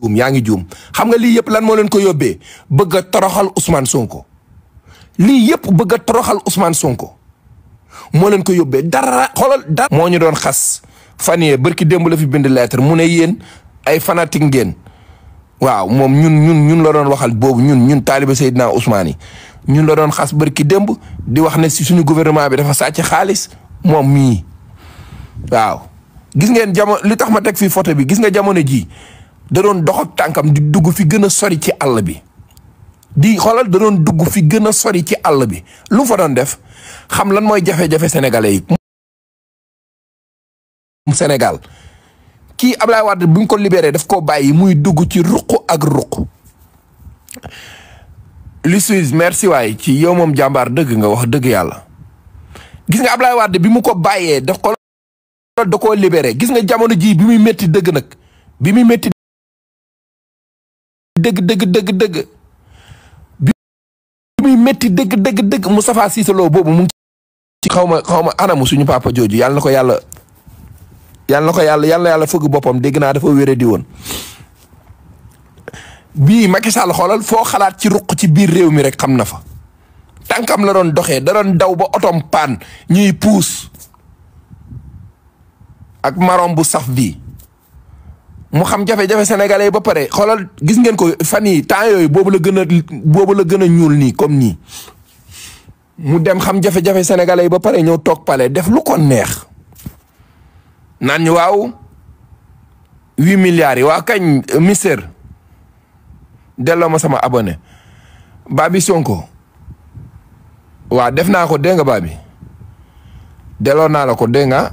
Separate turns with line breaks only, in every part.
juum yaa ngi juum xam nga lii yëpp lan moo leen ko yóbbee bëgg a toroxal Ousmane Sonko lii yëpp bëgg a toroxal usmaan Sonko moo leen ko yóbbee dara xoolal dara. moo ñu doon xas fan yee bërki démb la fi bind lettre mu ne yéen ay fanatique ngeen waaw moom ñun ñun ñun la doon waxal boobu ñun ñun taaliba Seydina Ousmane yi ñun la doon xas bërki démb di wax ne si suñu gouvernement bi dafa sàcc xaalis moom mii waaw. gis ngeen jamono li tax ma teg fi photo bi gis nga jamono ji da doon tànkam di dugg fi gën a sori ci àll bi di xoolal da dugg fi gën sori ci àll bi lu mu doon def xam lan mooy jafe-jafe sénégalais yi. kii Ablaye Wade buñ ko libéré daf koo bàyyi muy dugg ci ruq ak ruq. Lussuise merci waay ci yow moom jàmbaar dëgg nga wax dëgg yàlla gis nga Ablaye Wade bi mu ko bàyyee daf ko libere gis nga jamono jii bi muy métti dëgg nag bi muy métti dëgg dëgg dëgg bi muy metti dëgg dëgg dëgg Moustapha Cissé Lo boobu mu ngi xaw ma xaw ma anamu suñu papa jooju yàlla ko yàlla yàlla na yàlla yàlla yàlla fëgg boppam dégg naa dafa wéré di woon bii Macky Sall xoolal foo xalaat ci ruq ci biir réew mi rek xam na fa tànkam la doon doxee da doon daw ba otom paan ñuy puus ak marom bu saf bii mu xam jafé jafé sénégalais ba pare xolal gis ngeen ko fan yi temps yooyu boobu la gëna bobu la gëna ñuul ni comme ni mu dem xam jafé jafé sénégalais ba pare ñeu tok pale def lu ko neex nan ñu waaw 8 milliards wa kañ euh, mister delo ma sama abonné Babi Sonko Wa def na ko denga Babi Delo na la ko denga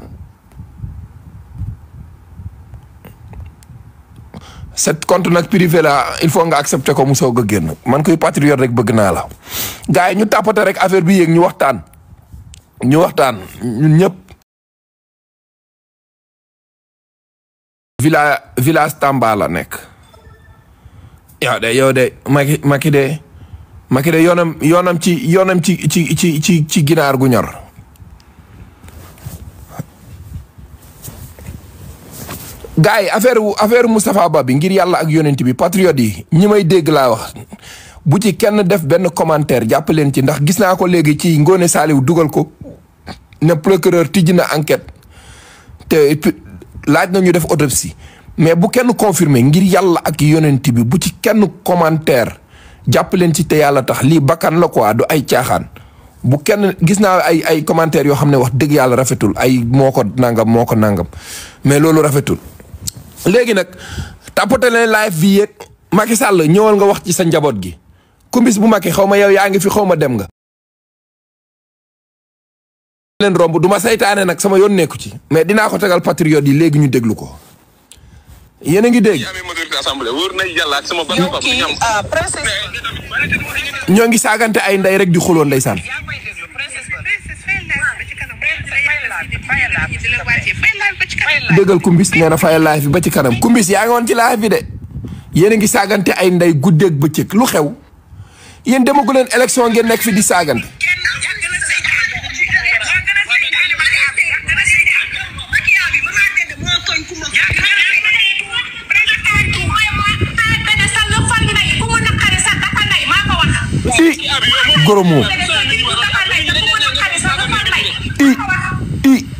Set compte nak privé la il faut nga accepter ko muso ga a man koy patriote rek beug na la gaay ñu tapate rek affaire bi yéeg ñu waxtaan ñu waxtaan ñun ñep villa villa tamba la nek ya de yo de maki maki de maki de ci yonam ci ci ci ci ci gu ñor gars yi affaire affaire Moustapha Ba bi ngir yàlla ak yonent bi patriote yi ñu may dégg laa wax bu ci kenn def benn commentaire jàpp leen ci ndax gis naa ko léegi ci Ngoone Saaliw dugal ko ne procureur tijji na enquête te laaj na ñu def autopsie mais bu kenn confirmé ngir yàlla ak yonent bi bu ci kenn commentaire jàpp leen ci te yàlla tax lii bakkan la ko du ay caaxaan bu kenn gis naa ay ay commentaires yoo xam ne wax dëgg yàlla rafetul ay moo ko nangam moo ko nangam mais loolu rafetul. léegi nak tapotale live bi yeeg Macky Sall ñewal nga wax ci sa njabot gi kumbis bu Macky xawma yow yaangi fi xawma dem nga. len rombu duma saytane nak sama yon neeku ci mais dina ko tegal patriote yi legi ñu deglu ko. yene ngi deg ñongi sagante ay nday rek di xulon ndaysan dëggal kumbis nee na fayal ba ci kanam kumbis yaa ngi woon ci live de yéen a ngi saagante ay ndey guddeeg bëccëg lu xew yéen demagu leen élection nekk fi di saagante i goromoo i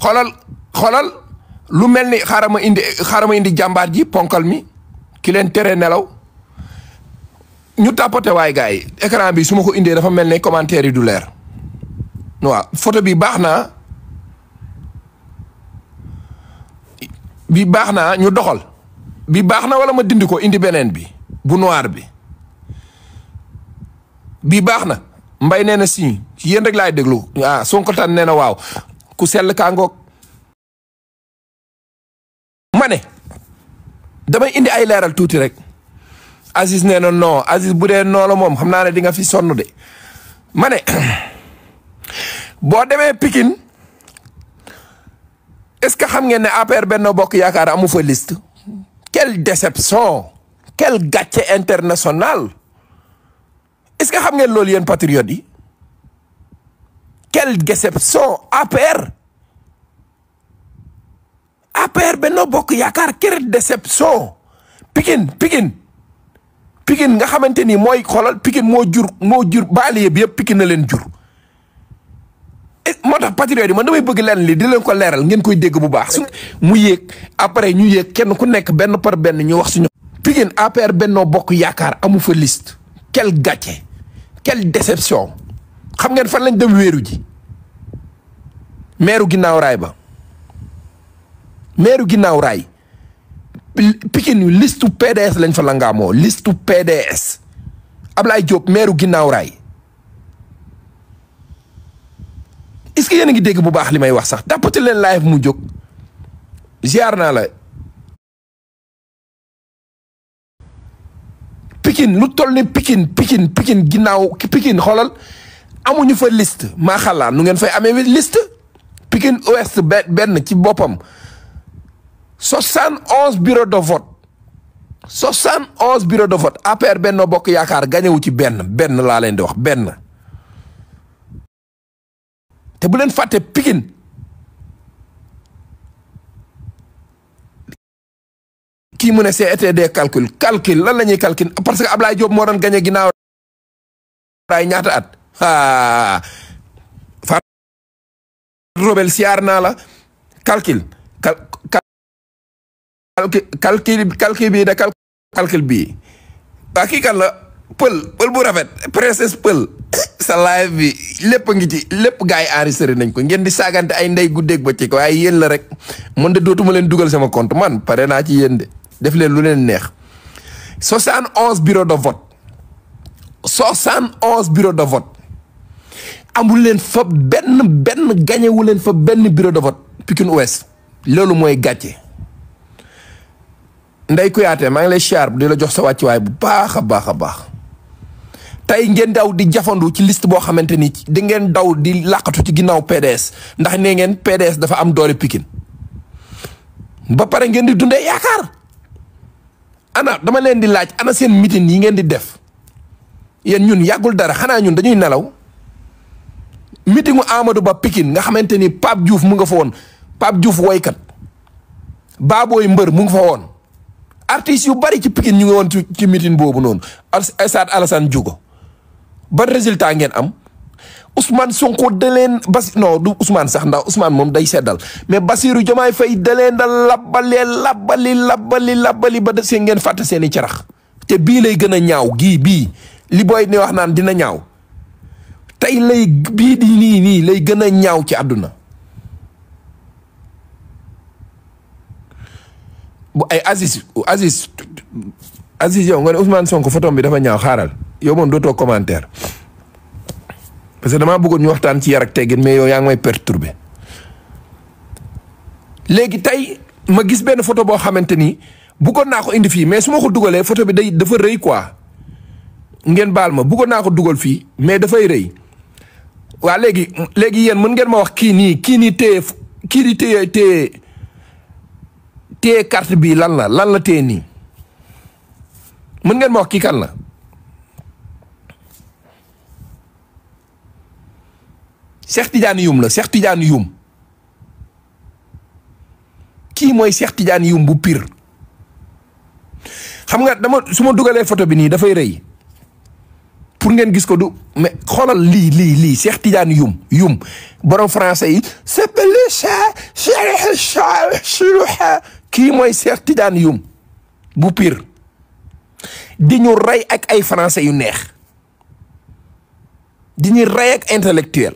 xoolal lu mel ni xaaral indi xaaral ji ponkal mi ki leen tere nelaw ñu tapoté waay gars yi écran bi suma ko indee dafa mel ni commentaire yi du leer waaw photo bi baax naa bi baax naa ñu doxal bi baax na wala ma dindi ko indi beneen bi bu noir bi bi baax na mbay nee na si yéen rek laay déglu ah Sonko tan waaw ku sell kaangoog ma ne damay indi ay leeral tuuti rek Aziz nee na non Aziz bu dee noo moom xam naa ne di nga fi sonn de mane boo demee Pikine est-ce que xam ngeen ne APR Benno Bokk Yaakaar amu fa liste quelle déception quel gâchis international est-ce que xam ngeen loolu yéen patriotes yi quelle déception APR APR Beno Bokk quelle déception Pikin, Pikin. Pikin, nga xamanteni ni xolal pikin mo jur mo jur banlieue bi yëpp pikin na len jur suis eh, patriote yi man damay bëgg li di leen ko leral ngeen koy dégg bu baax mu après ñu kenn ku par benn ñu wax suñu APR Benno Bokk Yaakaar amu fa quel quelle déception xam ngeen fan lañ dem wéeru ji meeru ginnaaw raay ba meeru ginnaaw raay Pikine listu PDS lañ fa langaamoo listu PDS Ablaye Diop meeru ginnaaw raay est-ce que a ngi dégg bu baax li may wax sax tàppati leen live mu jóg ziar naa la pikin lu toll ni Pikine Pikine Pikine ginnaaw Pikine xoolal amuñu fa list maa xalaa nu ngeen fay amee liste Pikine Ouest benn ci boppam soixante onze bureau de vote soixante onze bureau de vote APR benn Bokk Yaakaar gañewu ci benn benn laa leen di wax benn te bu leen fàtte pikin kii mu ne c'était des calculs calcul lan la ñuy calcul parce que Ablaye Diop moo doon gañe ginnaaw at Ah. Fat Robel siyaar naa la calcul cal calcul calcul bii da calcul bii waa kii kan la pël pël bu rafet princesse pël sa live bi lépp ngi ci lépp gars yi enregistré nañ ko ngeen di saagante ay ndey guddeeg ba ci ko waaye yéen la rek man de dootuma leen dugal sama compte man pare naa ci yéen def leen lu leen neex soixante onze bureau de vote soixante onze bureau de vote amul leen fa benn benn gañewu leen fa benn bureau de vote Pikine Ouest loolu mooy gàcce Ndeye Kouyaté maa ngi lay siyaar di la jox sa wàccuwaay bu baax a baax a baax tey ngeen daw di jafandu ci list boo xamante ni di ngeen daw di làqatu ci ginnaaw PDS ndax nee ngeen PDS dafa am doole pikin ba pare ngeen di dundee yaakaar ana dama leen di laaj ana seen mitin yi ngeen di def yéen ñun yàggul dara xanaa ñun dañuy nelaw meetingu Amadou Ba Pikine nga xamanteni pap Pape Diouf mu nga fa woon Pape Diouf woykat Baboy Mbeur mu nga fa won artiste yu bari ci Pikine ñu ngi ci meeting bobu non Esat Alassane juga, ban resultat ngeen am Ousmane Sonko delen bas no du Ousmane sax ndax Ousmane mom day sédal mais Basirou Diomaye Fay da leen da labali labali labali labbali ba de seen ngeen fàtte seen te bi lay gëna ñaaw gi bi li boy ne wax naan dina ñaaw tey lay bii di nii nii lay gën a ñaaw ci àdduna bu ay Aziz Aziz Aziz yow nga ne Ousmane Sonko photom bi dafa ñaaw xaaral yow moom dootoo commentaire parce que damaa bëggoon ñu waxtaan ci yar ak teggin mais yow yaa ngi may perturbé tey ma gis benn photo boo xamante ni bëggoon naa ko indi fii mais su ma ko dugalee photo bi day dafa rëy quoi ngeen baal ma bëggoon naa ko dugal fii mais dafay rëy waa léegi léegi yéen mën ngeen ma wax kii nii kii nii téye kii nii téye téye téye carte lan la lan la téye nii mën ngeen ma wax kii kan la. Cheikh Tidiane Youm la Cheikh Tidiane Youm kii mooy Cheikh Tidiane Youm bu pire xam nga dama su ma dugalee photo bi nii dafay rëy. pour ngeen gis ko du mais xoolal lii lii lii seex Tidiane yum yum borom français yi s'appelle Cheikh Cheikh kii mooy Cheikh Tidiane yum bu piir di ñu rey ak ay français yu neex di ñu rey ak intellectuel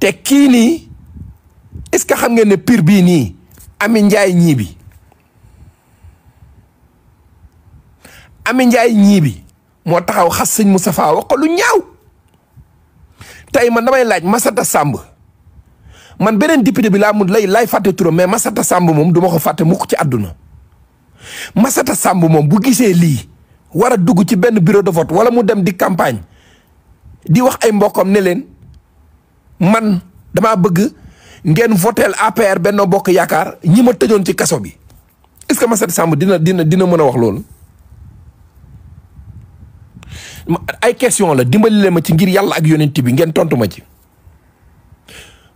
te kii nii est-ce que xam ngeen ne piir bii nii Ami Njaay ñii bi Ami Njaay ñii bi moo taxaw xas sëñ Moustapha wax ko lu ñaaw tey man damay laaj Massata Samb man beneen député bi laa mun lay lay fàtte turam mais Massata Samb moom duma ko fàtte mukk ci àdduna Massata sàmb moom bu gisee lii war a dugg ci benn bureau de vote wala mu dem di campagne di wax ay mbokkam ne leen man damaa bëgg ngeen voteel APR Benno Bokk Yaakaar ñi ma tëjoon ci kaso bi est-ce que Massata Samb dina dina dina mën a wax loolu ay question la dimbali le ma ci ngir yalla ak yonent bi ngeen tontu ma ci.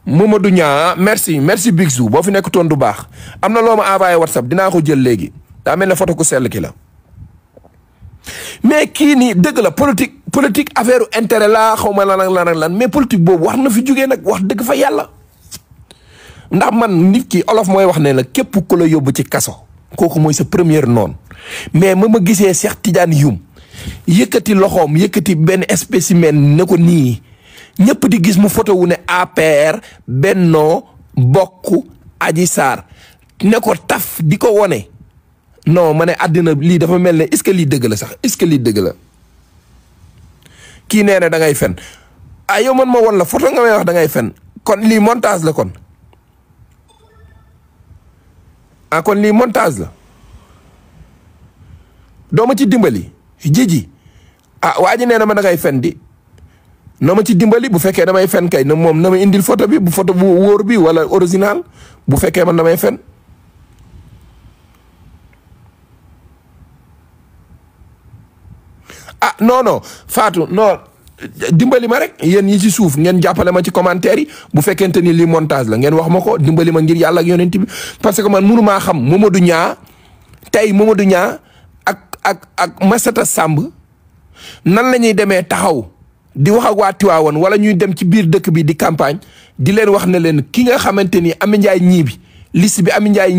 momadou nya merci merci Big bo fi nek tontu bax amna loma envoyer WhatsApp dina ko jël legui da melni photo ko sel ki la. mais ki ni deug la politique politique affaire intérêt la xawma ma lan ak lan lan mais politique bobu war na fi jugge nak wax deug fa yalla ndax man nit ki olof moy wax ne la kep ko la ci kaso koku moy sa première non mais mama ma Cheikh Tidiane Youm. yëkkati loxoom yëkkati benn spécimen ne ko nii ñëpp di gis mu photo wu ne APR Benno Bokk Aji Sarr ne ko taf di ko wone non ma ne àddina lii dafa mel ne est-ce lii dëgg la sax est lii dëgg la kii nee dangay da ngay fen ah yow man ma won la photo nga may wax da fen kon lii montage la kon ah kon lii montage la dooma ci dimbali. Jiji, ah waji neena ma da ngay fen di ma ci dimbali bu fekke damay fen kay na mom nama indil photo bi bu photo bu wor bi wala original bu fekke man damay fen ah non non Fatou non dimbali ma rek yen yi ci souf ngeen jappale ma ci commentaire yi bu fekkente ni li montage la ngeen wax mako dimbali ma ngir yalla ak yonent bi parce que man munu ma xam momadou nya tay momadou nya ak ak Massata Samb nan la ñuy demee taxaw di wax ak wala ñuy dem ci biir dëkk bi di campagne di leen wax na leen ki nga xamante ni aminjaay Ndiaye ñii bi liste bi Amy Ndiaye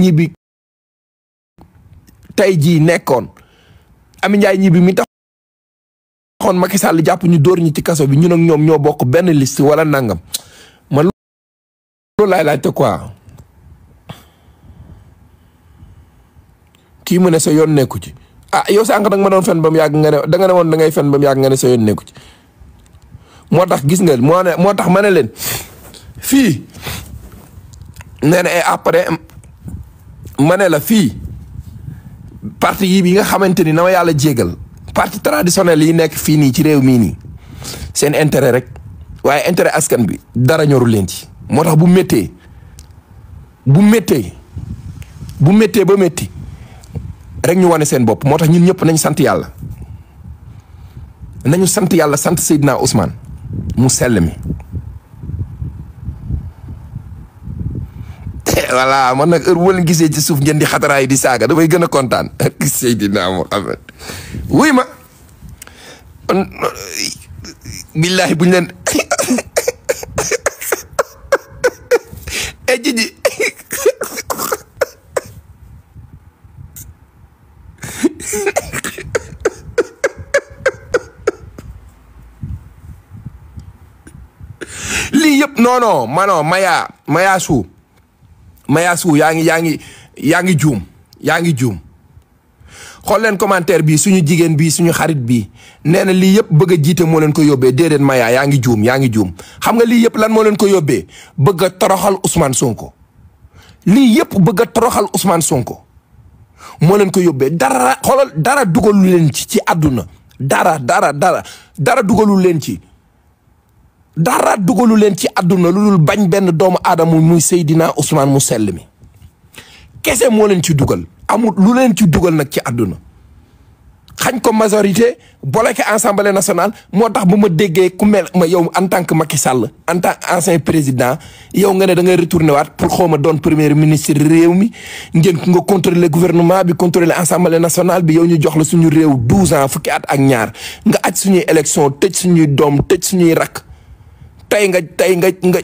jii nekkoon aminjaay Ndiaye bi mi taxoon Macky Sall jàpp ñu dóor ñi ci kaso bi ñu ak ñoom ñoo bokk benn liste wala nangam man loolu laay laajte quoi kii mu ne sa yoon nekku ci ah yow sànq da nga ma doon fen ba mu yàgg nga ne da nga ne woon da ngay nga ne sa yoon moo tax gis nga moo moo tax ma ne leen fii nee na après ma ne la fii parti yi bi nga xamante ni na ma yàlla jégal parti traditionnel yi nekk fii nii ci réew mii nii seen intérêt rek waaye intérêt askan bi dara ñoru leen ci moo tax bu méttee bu mettee bu méttee ba métti rek ñu wane seen bopp moo tax ñun ñëpp nañ sant yàlla nañu sant yàlla sant Seydina Ousmane mu sell mi. voilà man nag heure boo leen gisee ci suuf ngeen di xataraay di saaga dafay gën a kontaan ak Seydina Mohamed wuy ma. billaahi buñ leen e li yep non non mano maya maya su maya su yangi yangi yangi jum yangi jum xol len commentaire bi suñu jigen bi suñu xarit bi neena li yep yëpp bëgg a jiite ko yobé maya yangi jum yangi jum xam nga li yep lan mo Usman ko yobé bëgg toroxal Ousmane Sonko li yep bëgg toroxal Ousmane Sonko moo leen ko yóbbee dara xoolal dara dugalu leen ci ci àdduna dara dara dara dara dugalu leen ci dara dugalu leen ci àdduna lu dul bañ benn doomu aadama muy Seydina Ousmane mu sell mi kese moo leen ci dugal amul lu leen ci dugal nag ci àdduna xañ ko majorité bloqué assemblée nationale moo tax bu ma déggee ku mel ma yow en tant que Macky Sall en tant que ancien président yow nga ne da ngay retourné waat pour xaw ma doon premier ministre réew mi ngeen nga contrôler gouvernement bi contrôler assemblée nationale bi yow ñu jox la suñu réew douze ans fukki at ak ñaar nga aj suñuy élection tëj suñuy doom tëj suñuy rakk tey nga tey nga nga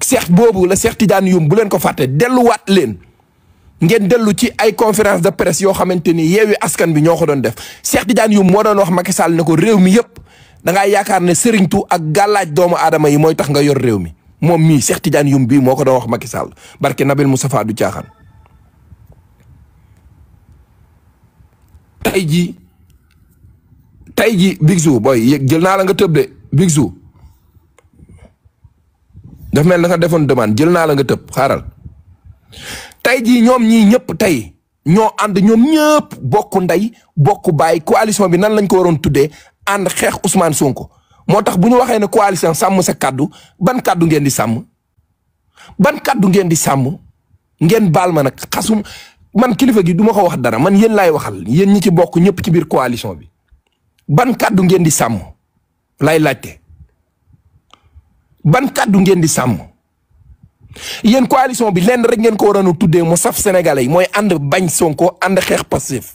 seex boobu la Seex Tidiane Youm bu leen ko fàtte delluwaat leen ngeen delu ci ay conférence de presse yo xamanteni yewi askan bi ñoko doon def Cheikh Tidiane yu mo doon wax Macky Sall ne ko réew mi yëpp da nga yaakar ne tou ak galaj doomu adama yi moy tax nga yor rew mi mom mi Cheikh Tidiane yum bi moko doon wax Macky Sall barke Nabil Moustapha du tiaxan tey jii tey jii Big Zou jël la nga teub de Big daf mel na nga defone demande jël la nga teub xaaral tay ji ñom ñi ñëpp tay ño and ñom ñëpp bokku nday bokku bay coalition bi nan lañ ko waron tuddé and xex Ousmane Sonko motax buñu waxé né coalition sam sa kaddu ban kaddu ngeen di sam ban kaddu ngeen di sam ngeen bal ma nak xasum man kilifa gi duma ko wax dara man yeen lay waxal yeen ñi ci bokku ñëpp ci bir coalition bi ban kaddu ngeen di sam lay laté ban kaddu ngeen di sam ko coalition bi lenn rek ngeen ko waroon a tuddee mu saf sénégalais mooy ànd bañ Sonko ànd xeex Pastef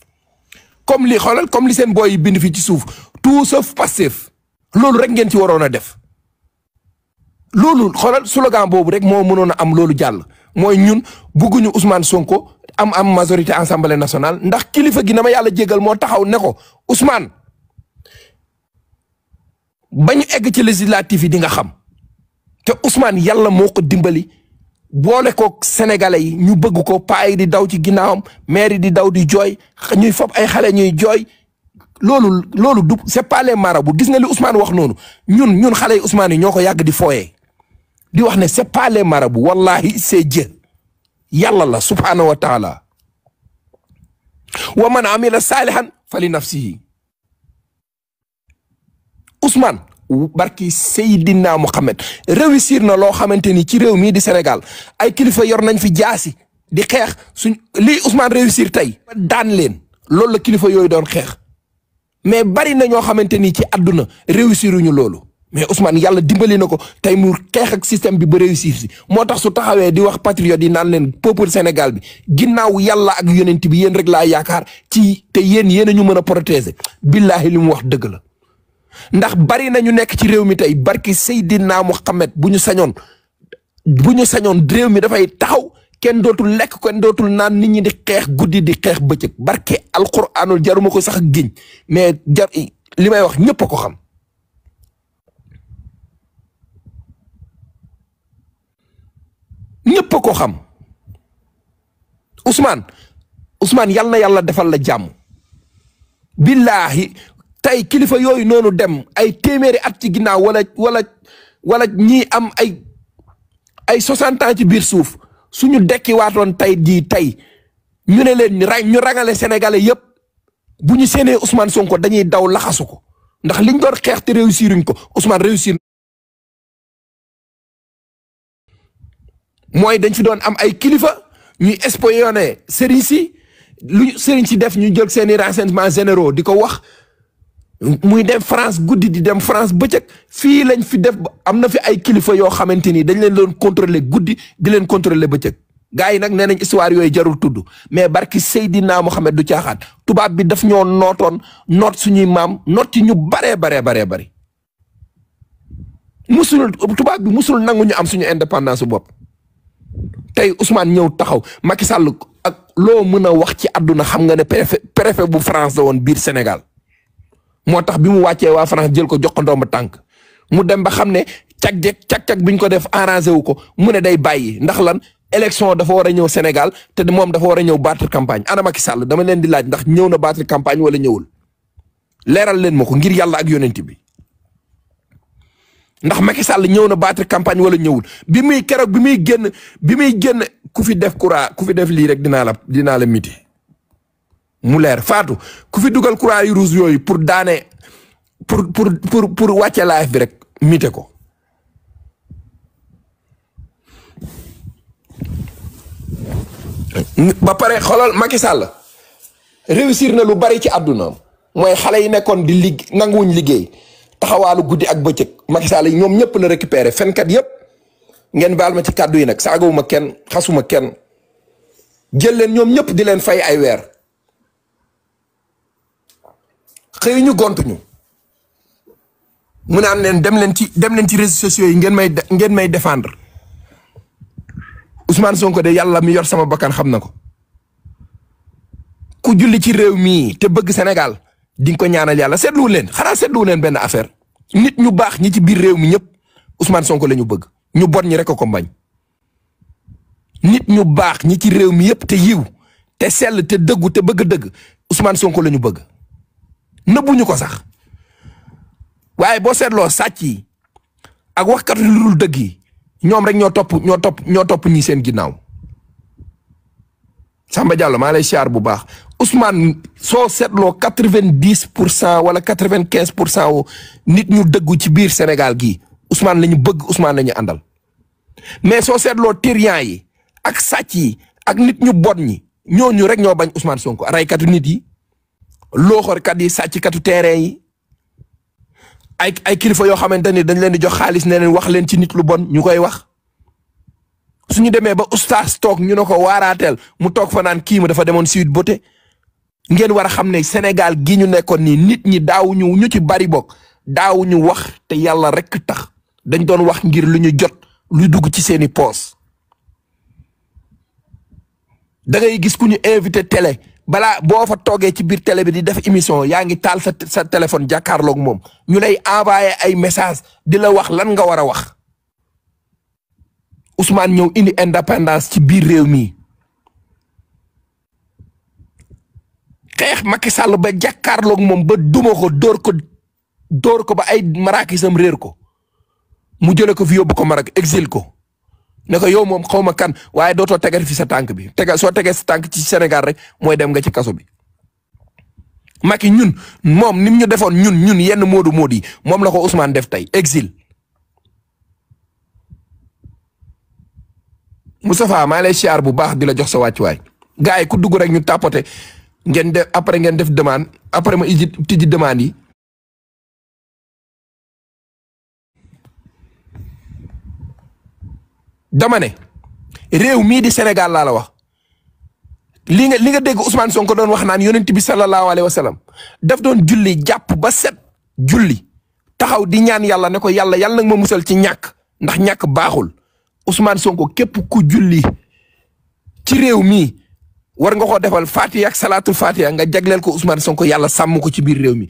comme li xoolal comme li seen boy bind fi ci suuf tout sauf Pastef loolu rek ngeen ci waroon a def loolu xoolal slogan boobu rek moo mënoon a am loolu jàll mooy ñun bugguñu Ousmane Sonko am am majorité assemblée nationale ndax kilifa gi na ma yàlla jégal moo taxaw ne ko Ousmane ba egg ci législatif yi di nga xam te Ousmane yàlla moo ko dimbali. boole ko sénégalais yi ñu bëgg ko paa di daw ci ginnaawam maire di daw di joy ñuy fop ay xale ñuy joy lolu lolu du c'est pas les marabou gis na li Ousmane wax nonu ñun ñun xale Ousmane yi ñoo ko di foyé di wax ne c'est pas les marabou wallahi c'est Dieu yàlla la subhanahu wa taala wa man amila salihan fali nafsihi Ousmane barki Seydina xamante réussir na loo xamante ni ci réew mii di Sénégal ay kilifa yor nañ fi jaasi di xeex suñ lii Ousmane réussir tey daan leen loolu la kilifa yooyu doon xeex mais bari na ñoo xamante ni ci àdduna réussiruñu loolu mais Ousmane yàlla dimbali na ko tey mu xeex ak système bi ba réussir si moo tax su taxawee di wax patriote yi naan leen peuple Sénégal bi ginnaaw yàlla ak yonent bi yéen rek laa yaakaar ci te yéen yéen a ñu mën a protéger billaahi li mu wax dëgg la. ndax bari na ñu nekk ci réew mi tey barki Seydina Muhammad bu ñu sañoon bu ñu sañoon réew mi dafay taxaw kenn dootul lekk kenn dootul naan nit ñi di xeex guddi di xeex bëccëg barke alquranul jaruma ko sax giñ mais jar li may wax ñëpp a ko xam. ñëpp a ko xam Ousmane Ousmane yal na yàlla defal la jàmm billaahi tey kilifa yooyu noonu dem ay téeméeri at ci ginnaaw wala wala wala ñii am ay ay soixante ans ci biir suuf suñu dekkiwaatoon tey jii tey ñu ne leen ñu rangale sénégalais yépp bu ñu séenee Ousmane Sonko dañuy daw laxasu ko ndax liñ doon xeex te réussiruñ ko Ousmane réussir mooy dañ fi doon am ay kilifa ñuy espionné sëriñ si lu sëriñ si def ñu jël seeni renseignements généraux di ko wax muy dem France guddi di dem France bëccëg fii lañ fi def am na fi ay kilifa yoo xamante ni dañ leen doon contrôler guddi di leen contrôler bëccëg gars yi nag nee nañ histoire yooyu jarul tudd mais barki Seydina Mohamed du caaxaan tubaab bi daf ñoo nootoon noot suñuy maam noot ci ñu baree baree baree bari musul tubaab bi musul nangu ñu am suñu indépendance su bopp tey Ousmane ñëw taxaw Macky Sall ak loo mën a wax ci àdduna xam nga ne préfet bu France la woon biir Sénégal. moo tax bi mu wàccee waa France jël ko jox ko ndomb tànk mu dem ba xam ne cag jeg cag-cag bi ñu ko def arrangé wu ko mu ne day bàyyi ndax lan élection dafa war a ñëw Sénégal te moom dafa war a ñëw battre campagne ana Macky Sall dama leen di laaj ndax ñëw na battre campagne wala ñëwul leeral leen ma ko ngir yàlla ak yonent bi ndax Macky Sall ñëw na battre campagne wala ñëwul bi muy keroog bi muy génn bi muy génn ku fi def courant ku fi def lii rek dinaa la dinaa la miti mu leer faatu ku fi dugal yi rouge yooyu pour daane pour pour pour pour wàcce live bi rek mite ko. ba pare xoolal Macky Sall réussir na lu bari ci àdduna mooy xale yi nekkoon di lig nanguwuñ liggéey taxawaalu guddi ak bëccëg Macky Sall yi ñoom ñëpp la récupéré fenkat yëpp ngeen baal ma ci kàddu yi nag saagawuma kenn xasuma kenn jël leen ñoom ñëpp di leen fay ay weer. xëyuñu gontuñu mu naan leen dem leen ci dem leen ci réseaux sociaux yi ngeen may ngeen may défendre Ousmane Sonko de yàlla mi yor sama bakkan xam na ko ku julli ci réew mii te bëgg Sénégal di nga ko ñaanal yàlla seetluwu leen xanaa seetluwu leen benn affaire nit ñu baax ñi ci biir réew mi ñëpp Ousmane Sonko la ñu bëgg ñu bon ñi rek ko mbañ nit ñu baax ñi ci réew mi yëpp te yiw te sell te dëggu te bëgg dëgg Ousmane Sonko la ñu bëgg. nëbbuñu ko sax waye bo setlo sàcc ak wax lu lul deug yi ñom rek ño top ño top ño top ñi seen ginnaw Samba Diallo ma lay xiar bu baax Ousmane so setlo 90% wala 95% nit ñu dëggu ci biir senegal gi Ousmane lañu bëgg Ousmane lañu andal mais so setlo tirian yi ak sàcc ak nit ñu bon ñi ñoñu rek ño bañ Ousmane Sonko raykatu nit yi. looxoorkat yi sàcckatu terrain yi ay ay kilifa yoo xamante ni dañ leen di jox xaalis ne leen wax leen ci nit lu bon ñu koy wax suñu demee ba ustaas toog ñu ne ko waaraateel mu toog fa naan kii ma dafa demoon Sweet Beauté ngeen war a xam ne Sénégal gi ñu nekkoon nii nit ñi daawuñu ñu ci bari bokk daawuñu wax te yàlla rek tax dañ doon wax ngir lu ñu jot lu dugg ci seeni poos da ngay gis ku ñu invité télé balaa boo fa toogee ci biir télé bi def émission yaa ngi taal sa sa téléphone jàkkaarloog moom ñu lay envoyé ay message di la wax lan nga war a wax Ousmane ñëw indi indépendance ci biir réew mi xeex Macky Sall ba jàkkaarloog moom ba duma ko dóor ko dóor ko ba ay maraakisam réer ko mu jële ko fi yóbbu ko Maroc exil ko ne ko yow moom xaw ma kan waaye dootoo tegal fi sa tànk bi tegal soo tegee sa tànk ci Sénégal rek mooy dem nga ci kaso bi. Macky ñun moom nim ñu defoon ñun ñun yenn moodu mood yi moom la ko Ousmane def tey exil. Moustapha maa lay siyaar bu baax di la jox sa wàccuwaay gars yi ku dugg rek ñu tapoter ngeen def après ngeen def demande après ma iji tijji demande yi. dama ne rew mi di Senegal la la wax li nga li nga deg Ousmane Sonko don wax nan yonent bi sallallahu alayhi wasallam daf don julli japp ba set julli taxaw di ñaan yalla ne ko yalla yalla nga ma musal ci ñak ndax ñak baxul Ousmane Sonko kep ku julli ci rew mi war nga ko defal Fatiha ak Fatiha nga jaglel ko Ousmane Sonko yalla sam ko ci bir rew mi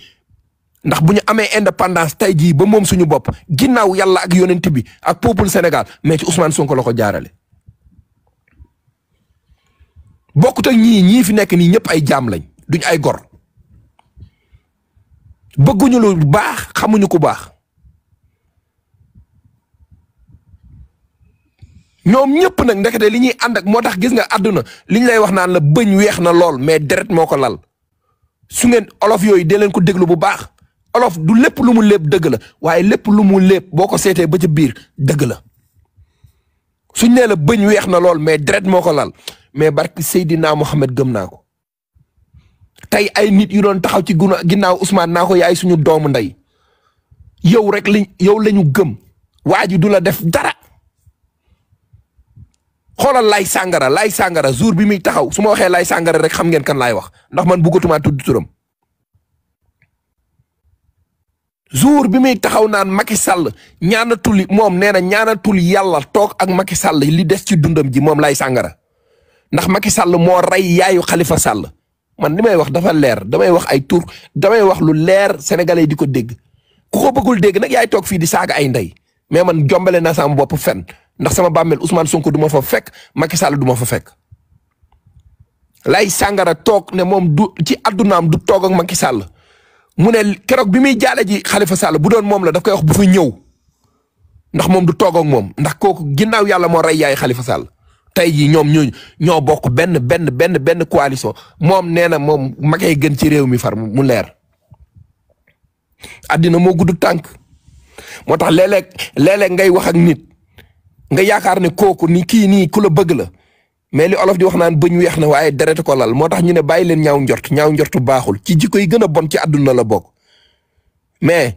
ndax bu ñu amee indépendance tey jii ba moom suñu bopp ginnaaw yàlla ak yonent bi ak peuple Sénégal mais ci Ousmane Sonko la ko jaarale. bokkut ak ñii ñii fi nekk nii ñëpp ay jaam lañ duñ ay gor bëgguñu lu baax xamuñu ku baax ñoom ñëpp nag ndekete li ñuy ànd ak moo tax gis nga àdduna li ñu lay wax naan la bëñ weex na lool mais deret moo ko lal su ngeen olof yooyu dee leen ko déglu bu baax olof du lépp lu mu lépp dëgg la waaye lépp lu mu lépp boo ko seetee ba ci biir dëgg la suñ nee la bëñ weex na lool mais deret moo ko lal mais barki Seydina Mohamed gëm naa ko tey ay nit yu doon taxaw ci ginnaaw Ousmane naa ko yaay suñu doomu ndey yow rek lañ yow lañu gëm waa ji du la def dara xoolal lay sàngara lay sàngara jour bi muy taxaw su ma waxee lay sàngara rek xam ngeen kan laay wax ndax man bëggatumaa tudd turam jour bi muy taxaw maki Macky ñaana ñaanatul moom nee na ñaanatul yàlla toog ak maki Sall li des ci dundam ji moom lay sàngara ndax maki Sall moo rey yaayu xalifa Sall man ni may wax dafa leer damay wax ay tur damay wax lu leer sénégalais di ko dégg ku ko bëggul dégg nag yaay toog fii di saaga ay ndey mais man jombale na sama bopp fen ndax sama bàmmeel Ousmane Sonko du ma fa fekk maki Sall du fa fekk lay sàngara toog ne moom du ci addunaam du toog ak Macky Sall mu ne keroog bi muy jaale ji Khalifa Sall bu doon moom la daf koy wax bu fi ñëw ndax moom du toog ak moom ndax kooku ginnaaw yàlla moo rey yaay Khalifa Sall tey jii ñoom ñu ñoo bokk benn benn benn benn coalition moom nee na moom magay gën ci réew mi far mu leer. addina moo gudd tànk moo tax léeg-léeg ngay wax ak nit nga yaakaar ne kooku ni kii nii ku la bëgg la. mais li olof di wax naan bañ wex na waye deret ko lal motax ñu ne bàyyi leen ñaaw ndort ñaaw njortu baaxul ci jikko yi gëna bon ci aduna la bok mais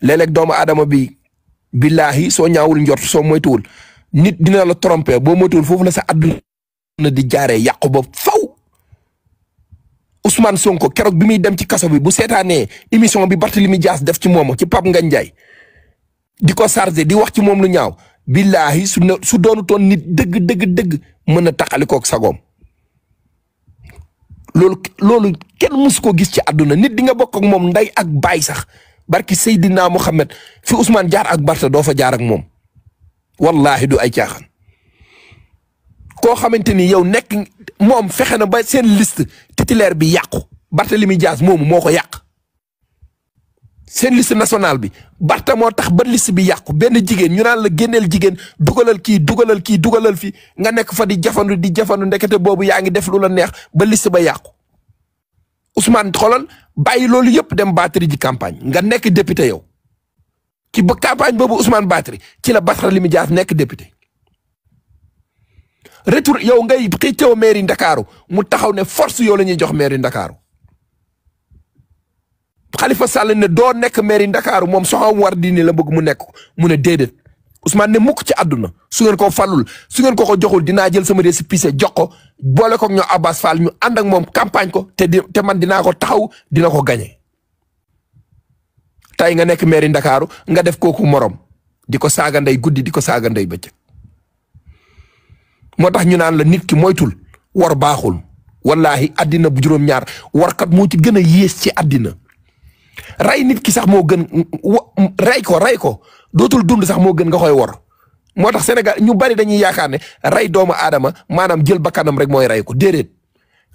lelek doomu adama bi billahi so ñaawul ndort so moytuul nit dina la tromper bo moytuul fofu la sa aduna di jaaree yàqu ba faw Ousmane Sonko kérok bi mi dem ci kasso bi bu sétané émission bi Barthélemy Dias def ci momo ci pap ngandjay diko di di wax ci mom lu ñaaw billaahi su ne su doonutoon nit dëgg dëgg dëgg mën na taxalikook sagoom loolu kenn mësu ko gis ci àdduna nit di nga bokk ak moom nday ak baay sax barki Seydina Mohamed fi Ousmane jaar ak Barta doo fa jaarak moom wallahi du ay caaxaan koo xamante ni yow nekk moom fexe na ba seen liste titulaire bi yàqu Barthélemy Dias moomu moo ko yàq seen liste nationale bi Barta moo tax ba liste bi yàqu benn jigéen ñu naan la génneel jigéen dugalal kii dugalal kii dugalal fi nga nekk fa di jafandu di jafandu ndekete boobu yaa ngi def lu la neex ba liste ba yàqu Ousmane xolal bàyyi loolu yëpp dem batterie ji campagne nga nekk député yow ci ba campagne boobu Ousmane batterie ci la Barthélémy Dias nekk député retour yow ngay xëccoo mairie Ndakaaru mu taxaw ne force yow la ñuy jox mairie Ndakaaru xalifa Sall ne doo nekk maire Ndakaaru moom soxam war di ni la bëgg mu nekk mu ne déedéet Ousmane ne mukk ci àdduna su ngeen ko fàllul su ngeen ko ko joxul dinaa jël sama récépissé jox ko boole ko ñoo Abbas Fall ñu ànd ak moom campagne ko te di te man dinaa ko taxaw dina ko gañe tey nga nekk meeri Ndakaaru nga def kooku morom di ko saaga ndey guddi di ko saaga ndey bëccëg moo tax ñu naan la nit ki moytul war baaxul wallahi àddina bu juróom-ñaar warkat moo ci gën a yées ci àddina rey nit ki sax moo gën rey ko rey ko dootul dund sax moo gën nga koy wor moo tax Sénégal ñu bari dañuy yaakaar ne rey doomu aadama maanaam jël bakkanam rek mooy ray ko déedéet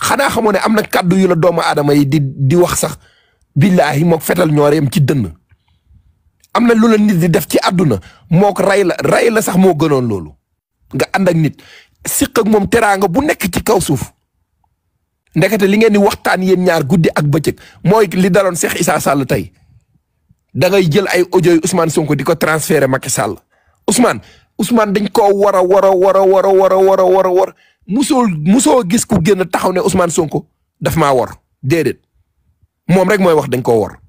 xanaa xamoo ne am na kàddu yu la doomu aadama yi di di wax sax billaahi mook fetal ñooreem ci dënn am na lu la nit di def ci àdduna mook rey la ray la sax moo gënoon loolu nga ànd ak nit siq ak moom teraanga bu nekk ci kaw suuf ndekete li ngeen di waxtaan yéen ñaar guddi ak bëccëg mooy li daloon Cheikh Issa Sall tey da ngay jël ay audio yi Sonko di ko transféré Macky Sall Ousmane Ousmane dañ koo war a war a war a war a war a war a war a musoo gis ku génn taxaw ne usmaan Sonko daf ma war déedéet moom rek mooy wax dañ koo war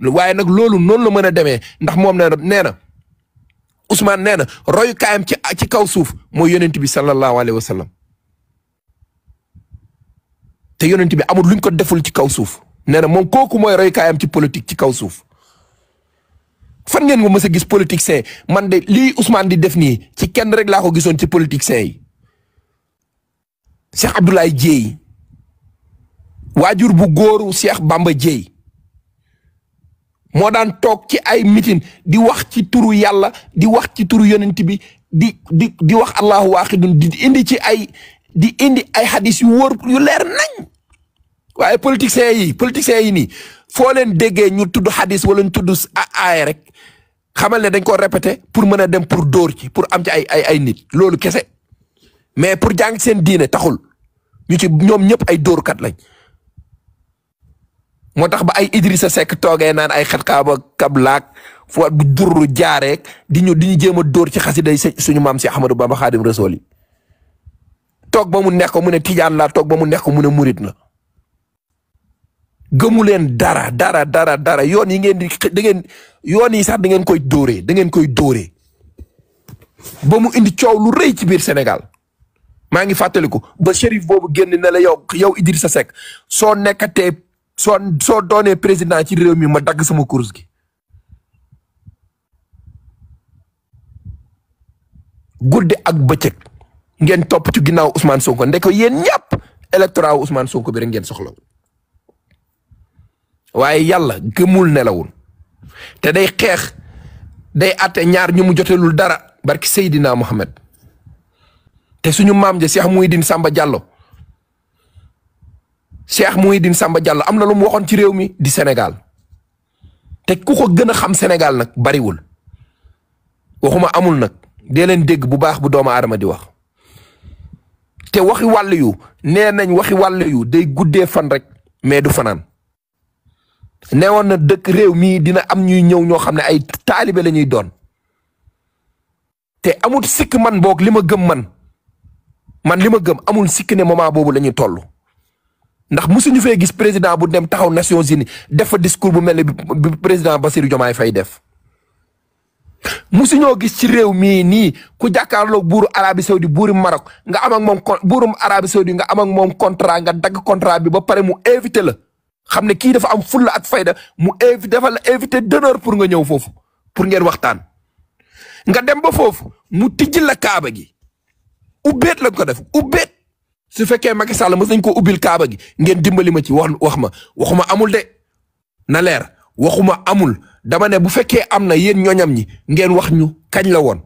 waaye nag loolu noonu la mën a demee ndax moom nee na nee na Ousmane nee na royu kaayam ci ci kaw suuf mooy yonent bi sallallahu alayhi wa sallam te yonent bi amul luñ ko deful ci kaw suuf nee na moom kooku mooy kaayam ci politique ci kaw suuf fan ngeen ko mës a gis politicien man de lii Ousmane di def nii ci kenn rek laa ko gisoon ci politicien yi Cheikh Abdoulaye Dieye waajur bu góoru seex Bamba Dieye moo daan toog ci ay mitin di wax ci turu yàlla di wax ci turu yonent bi di di di wax allahu waaxidun di indi ci ay di indi ay hadis yu wor yu leer nañ waye politiciens yi politiciens yi ni fo len déggee ñu tuddu hadith wala ñu tuddu ay rek xamal ne dañ ko répéter pour mëna a dem pour dóor ci pour am ci ay ay ay nit lolu kese mais pour jang sen diiné taxul ñu ci ñom ñep ay kat lañ motax ba ay Idrissa sek togué naan ay xet kaaba kablak fo bu durru di ñu di ñu jema a ci xassida suñu mam si Ahmadou Bamba khadim Rasool toog ba mu nekk mu ne tijaan laa toog ba mu nekk mu ne murit la gëmu leen dara dara dara dara yoon yi ngeen di da yoon yi sax da koy dóoree da ngeen koy dóoree ba mu indi coow lu rëy ci biir Sénégal maa ngi fàttaliku ba shérif boobu génn na la yow yow Idrissa Seck soo nekkatee soo soo doonee président ci réew mi ma dagg sama course gi guddi ak bëccëg ngeen top ci ginnaaw Ousmane Sonko ko yéen ñëpp électorat wu Ousmane Sonko bi rek ngeen soxlawul waye yalla gëmul nelawul te day xex day até ñaar ñu mu jotelul dara barki sayidina muhammad te suñu mam je Cheikh Samba Diallo Cheikh Mouhidine Samba Diallo am lu mu waxon ci rew mi di Senegal. te ku ko gëna Senegal xam Sénégal nag bariwul waxuma amul nak. de len deg bu baax bu doomu adama di wax te waxi wàll yu nee nañ waxi wàll yu day guddee fan rek mais du fanaan neewoon na dëkk réew mii dina am ñuy ñëw ñoo xam ne ay taalibe la ñuy doon te amul sikk man boog li ma gëm man man li ma gëm amul sikk ne moment boobu la ñuy toll ndax ñu fee gis président bu dem taxaw Nations uni def fa discours bu mel ne bi président ba Bassirou Diomaye fay def musuñoo gis ci réew mii nii ku jàkkaarloog buuru Arabie Saoudi buuru Maroc nga am ak moom con buurum Arabie Saoudi nga am ak moom contrat nga dagg contrat bi ba pare mu invité la xam ne kii dafa am fulla ak fayda mu invité dafa la invité d'honneur pour nga ñëw foofu pour ngeen waxtaan. nga dem ba foofu mu tijji la kaaba gi ubbeet la ko def ubbeet su fekkee Macky Sall mos nañ ko ubbil kaaba gi ngeen dimbali ma ci wax wax ma waxuma amul de na leer waxuma amul. dama ne bu fekkee am na yéen ñooñam ñi ngeen wax ñu kañ la woon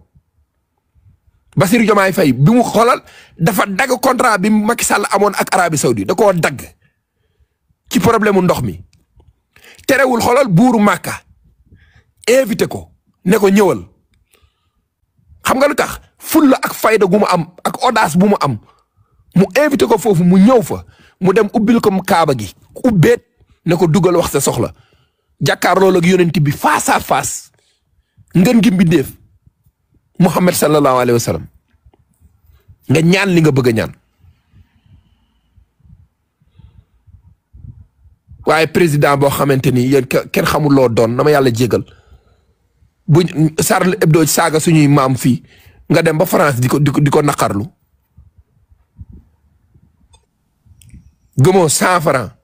Bassirou Diomaye fay bi mu xoolal dafa dagg contrat bi Macky Sall amoon ak Arabie Saoudi da koo dagg ci problème mu ndox mi terewul xoolal buuru Màkka invité ko ne ko ñëwal xam nga lu tax fulla ak fayda gu mu am ak audace bu mu am mu invité ko foofu mu ñëw fa mu dem ubbil ko mu kaaba gi ubbeet ne ko dugal wax sa soxla jàkkaarloo ak yonent bi face à face ngën gi mbindeef Muhammad sallallahu alayhi wa nga ñaan li nga bëgg a ñaan waaye président boo xamante ni yéen kenn xamul doon na ma yàlla jégal bu Charlie Hebdo saaga suñuy maam fii nga dem ba France di ko di di ko naqarlu gëmoo cent francs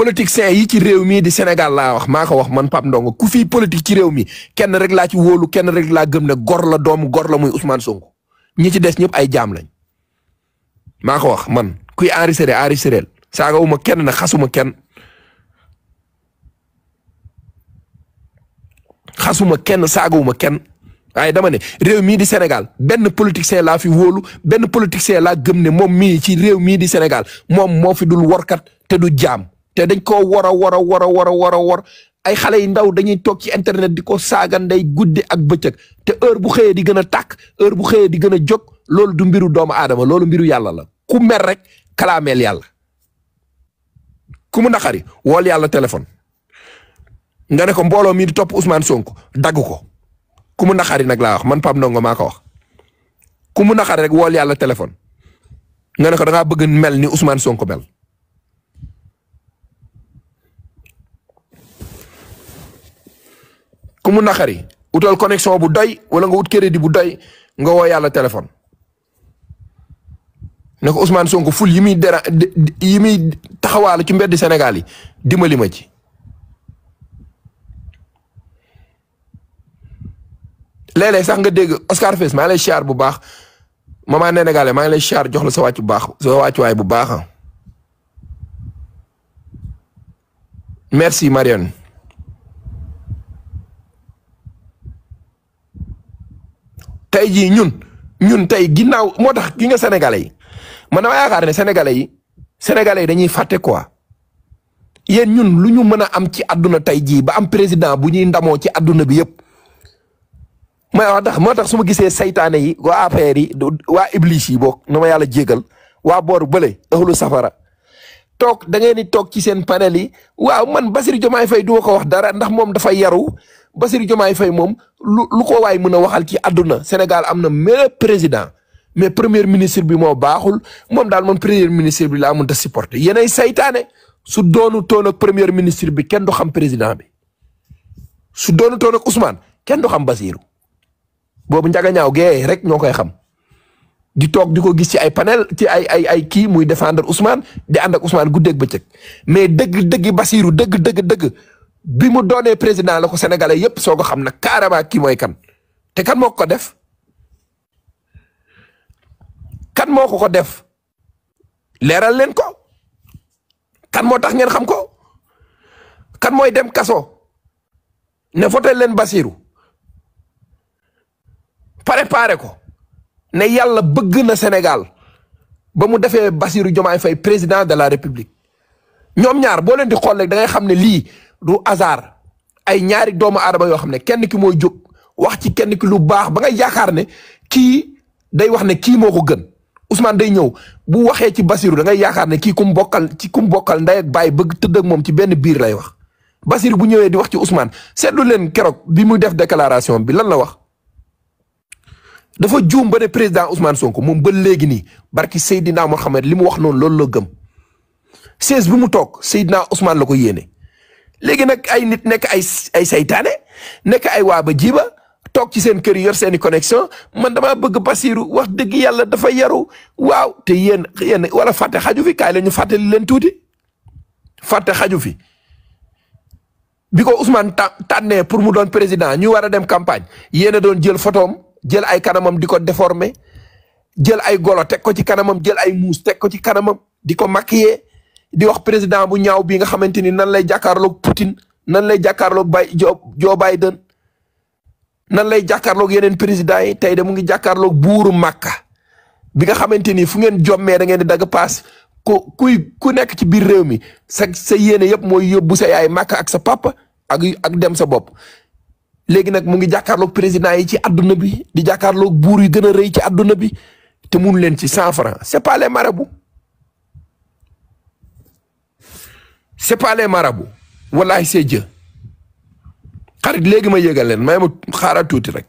politiciens yi ci réew mii di Sénégal laa wax maa ko wax man Pape Ndongo ku fi politique ci réew mi kenn rek laa ci wóolu kenn rek laa gëm ne gor la doomu gor la muy Ousmane Sonko ñi ci des ñëpp ay jaam lañ maa ko wax man kuy enregistré enregistré saaga wuma kenn na xasuma kenn xasuma kenn saagawuma kenn waaye dama ne réew mii di Sénégal benn politicien laa fi woolu benn politicien laa gëm ne moom mii ci réew mii di Sénégal moom moo fi dul workat te du jaam te dañ koo war a war a war a war a war a war ay xale yu ndaw dañuy toog ci internet di ko saaga ndey guddi ak bëccëg te heure bu xëyee di gën a tàkk heure bu xëyee di gën a jóg loolu du mbiru doomu aadama loolu mbiru yàlla la ku mer rek kalaameel yàlla ku mu naqari wol yàlla téléphone nga ne ko mbooloo mi di topp Ousmane Sonko dagg ko ku mu naqari nag laa wax man Pape Ndongo maa ko wax ku mu naqari rek wool yàlla téléphone nga ne ko bëgg mel ni Ousmane Sonko mel. ku naxari naqari utal connexion bu doy wala nga wut crédit bu doy nga woo yàlla téléphone ne ko Ousmane Sonko ful yi muy dera yi muy ci mbedd Sénégal yi dimbali ma ci. léeg-léeg sax nga dégg Oscar Fess maa ngi lay siyaar bu baax maman Nenegale maa ngi lay siyaar jox la sa bu baax sa wàccuwaay bu baax merci Marianne tey jii ñun ñun tey ginnaaw moo tax gi nga sénégalais yi man dama yaakaar ne sénégalais yi sénégalais yi dañuy fàtte quoi yéen ñun lu ñu mën a am ci àdduna tey jii ba am président bu ñuy ndamoo ci àdduna bi yëpp. ma wax tax moo tax su ma gisee saytaane yi waa affaire yi waa iblis yi boog na ma yàlla jégal waa booru bële ëxlu safara toog da ngeen di toog ci seen panel yi waaw man Bassirou Diomaye Faye du ma ko wax dara ndax moom dafa yaru Bassirou Diomaye Faye mom lu lu ko way meuna waxal ci aduna senegal amna meilleur président mais premier ministre bi mo baxul mom dal man premier ministre bi mën ta supporter yenay saytane su doonu ton ak premier ministre bi ken President xam président bi su doonu ton ak Ousmane ken do xam Bassirou bobu ndaga ñaw ge rek ñokay xam di tok diko gis ci ay panel ci ay ay ay ki muy défendre Ousmane di and ak Ousmane ak bëccëg mais deug deug deg. deug deug deug bi mu doonee président la ko sénégalais yépp soo ko xam nag carrément kii mooy kan te kan moo ko def kan moo ko ko def leeral leen ko kan moo tax ngeen xam ko kan mooy dem kaso ne fotel leen Basiru préparé ko ne yàlla bëgg na Sénégal ba mu defee bassiru Jomaay Fay président de la République ñoom ñaar boo leen di xool rek da xam ne lii du hasard ay ñaari doomu aadama yoo xam ne kenn ki mooy jóg wax ci kenn ki lu baax ba ngay yaakaar ne kii day wax ne kii moo ko gën Ousmane day ñëw bu waxee ci Basirou da ngay yaakaar ne kii ku mu bokkal ci ku mu bokkal ndey baay bëgg tëdd moom ci benn biir lay wax Basirou bu ñëwee di wax ci Ousmane seetlu leen keroog bi mu def déclaration bi lan la wax. dafa juum ba ne président Ousmane Sonko moom ba léegi nii barki Seydina Mohamed li mu wax noonu loolu la gëm 16 bi mu toog Seydina Ousmane la ko yéene. léegi nag ay nit nekk ay ay saytaane nekk ay waa ba jiba toog ci seen kër yor seen i connexion man damaa bëgg Basiru wax dëgg yàlla dafa yaru waaw te yéen yéen wala fàtte xaju fi kaay la ñu fàttali leen tuuti fàtte xaju fi bi ko Ousmane ta pour mu doon président ñu war a dem campagne yéen a doon jël photoom jël ay kanamam di ko déformer jël ay golo teg ko ci kanamam jël ay muus teg ko ci kanamam di ko maquiller di wax président bu ñaaw bi nga xamanteni ni nan lay jàkkaarloog putin nan lay jakarlo Bay Joe Biden nan lay jàkkaarloog yenen président yi tay de mu ngi jàkkaarloog buru makka bi nga xamanteni ni fu ngeen jommee da ngeen di pass ko ku kuy ku nek ci bir rew mi sa sa yene yeb moy yobbu sa yaay makka ak sa papa ak ak dem sa bop legi nak mu ngi jàkkaarloog président yi ci aduna bi di jakarlo buru buru gën a rëy ci aduna bi te mun len ci 100 francs c'est pas les marabouts c'est pas les marabu wallaahi c'est Dieu xarit léegi ma yëgal leen may ma xaaral tuuti rek.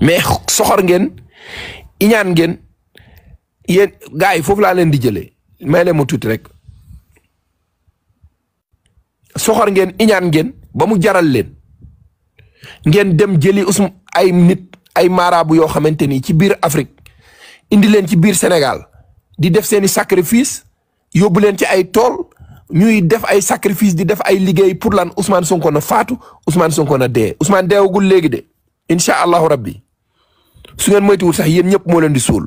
mais soxor ngeen iñaan ngeen yéen gars yi foofu laa leen di jëlee may leen ma tuuti rek soxor ngeen iñaan ngeen ba mu jaral leen ngeen dem jëli usum ay nit ay maaraabu yoo xamante ni ci biir Afrique indi leen ci biir Sénégal di def seen i sacrifice yóbbu leen ci ay tool ñuy def ay sacrifice di def ay liggéey pour lan Ousmane Sonko na faatu Ousmane Sonko na dee Ousmane deewagul léegi de incha allahu rabbi su ngeen moytuwul sax yéen ñëpp moo leen di suul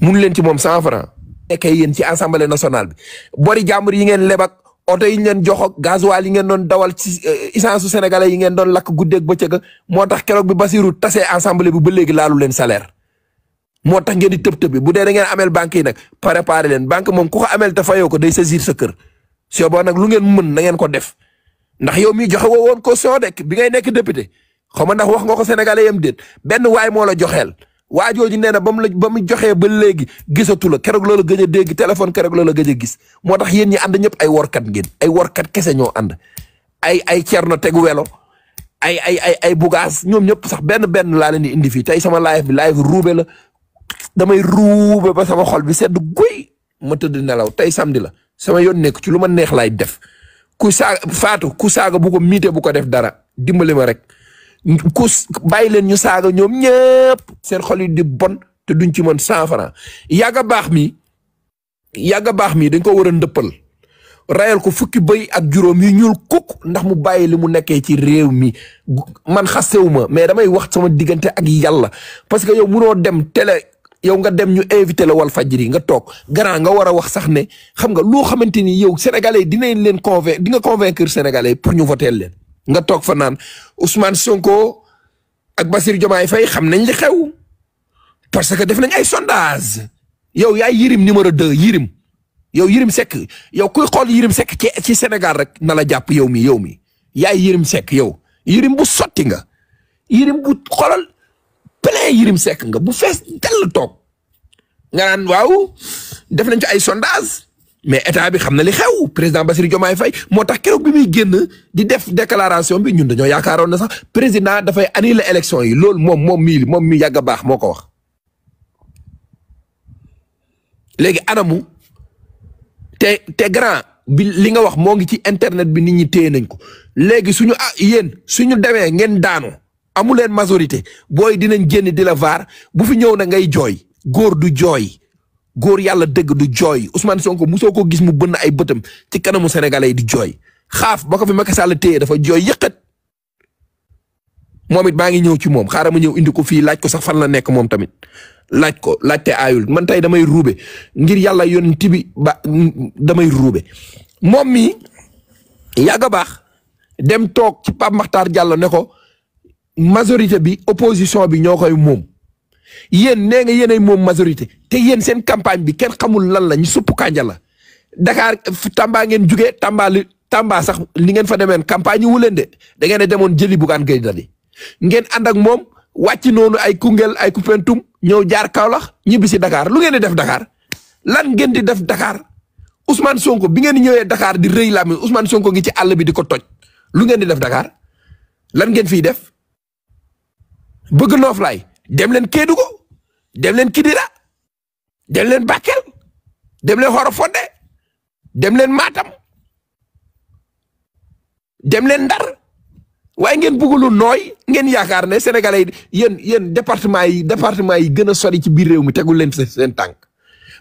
mun leen ci moom cent franc nekkee yéen ci assemblée national bi bori jàmbur yi ngeen lebak oto yi ngeen joxo ak gasoil yi ngeen doon dawal ci euh, essence su sénégalais yi ngeen doon lakk guddeeg bëccëg moo tax keroog bi Basirou tasee assemblée bi ba léegi laalu leen salaire. moo tax ngeen di tëb bi bu dee da ngeen ameel banque yi nag préparé leen banque moom ku ko ameel te fayoo ko day saisir sa kër si boo nag lu ngeen mën na ngeen ko def ndax yow mii joxe woo woon caution dekk bi ngay nekk député xaw ma ndax wax nga ko sénégalais yam déet benn waay moo la joxeel waa jooju nee na ba mu la ba mu joxee ba léegi gisatu la keroog loola gëj a dégg téléphone keroog loola gëj a gis moo tax yéen ñi ànd ñëpp ay workat ngeen ay workat kese ñoo ànd ay ay cerno tegu welo ay ay ay ay bugaas ñoom ñëpp sax benn benn laa leen indi fii tey sama live bi live ruube la damay ruube ba sama xol bi sedd guuy ma tëdd nelaw tay samedi la sama yoon nek ci luma neex lay def ku saaga faatu ku saaga bu ko mité bu ko def dara dimbali ma rek ku bàyyi ñu saaga ñom ñepp seen xol di bon te duñ ci man 100 francs yaga bax mi yaga bax mi dañ ko wara ndeppal rayal ko fukki bëy ak juroom yu ñul kuk ndax mu baye li mu ci réew mi man xassewuma mais damay wax sama digënté ak yalla parce que yow mëno dem télé yow nga dem ñu invité la wal fajiri nga toog garant nga war a wax sax ne xam nga loo xamante ni yow sénégalais dinañ leen convaincre di nga convaincre sénégalais pour ñu voter leen nga toog fa naan Ousmane Sonko ak Bassirou Diomaye Faye xam nañ li xew parce que def nañ ay sondage yow yaay yirim numéro deux yirim yow yirim sekk yow kuy xool yirim sekk ci ci Sénégal rek na la jàpp yow mi yow mi yaay yirim sekk yow yirim bu sotti nga yirim bu xolal plein Yirim Seck nga bu fees dell toog nga naan waaw def nañ ci ay sondage mais état bi xam na li xew président Bassirou Diomaye fay moo tax keroog bi muy génn di def déclaration bi ñun dañoo yaakaaroon na sax président dafay annuler élection yi lool moom moom mii moom mii yàgg a baax moo ko wax léegi anamu te te grand bi li nga wax moo ngi ci internet bi nit ñi téye nañ ko léegi suñu ah yéen ñu demee ngeen daanu amu leen majorité booy dinañ génn di la vaar bu fi ñëw na ngay jooy góor du jooy góor yàlla dëgg du jooy Ousmane Sonko musoo ko gis mu bënna ay bëtam ci kanamu sénégalais yi di jooy xaaf ba ko fi Macky Sall téye dafa jooy yëqat moom it maa ngi ñëw ci moom xaaral ma ñëw indi ko fii laaj ko sax fan la nekk moom tamit laaj ko laajte ayul man tey damay ruube ngir yàlla yoon tibi ba damay ruube moom mi yàgg a baax dem toog ci Pape Makhtar Diallo ne ko. majorité bi opposition bi ñoo koy moom yéen nee nga yéenay moom majorité te yéen seen campagne bi kenn xamul lan la ñu suppu kànja la Dakar Tamba ngeen jugee Tamba Tamba sax li ngeen fa demeen campagne yi wu leen de da a demoon jëli Bougane Gueye Dany ngeen ànd ak moom wàcc noonu ay Koungheul ay Koupentoum ñëw jaar Kaolack ñibbi si dakaar lu ngeen di def dakaar lan ngeen di def Dakar Ousmane Sonko bi ngeen ñëwee dakaar di rëy lami Ousmane Sonko ngi ci àll bi di ko toj lu ngeen di def dakaar lan ngeen fiy def. bëgg nooflaay dem leen Kédougou dem leen Kidira dem leen Bakel dem leen Horofodé dem leen Matam dem leen Ndar waaye ngeen bëgg lu nooy ngeen yaakaar ne sénégalais yi yéen yéen département yi département yi gën a sori ci biir réew mi tegul leen seen tànk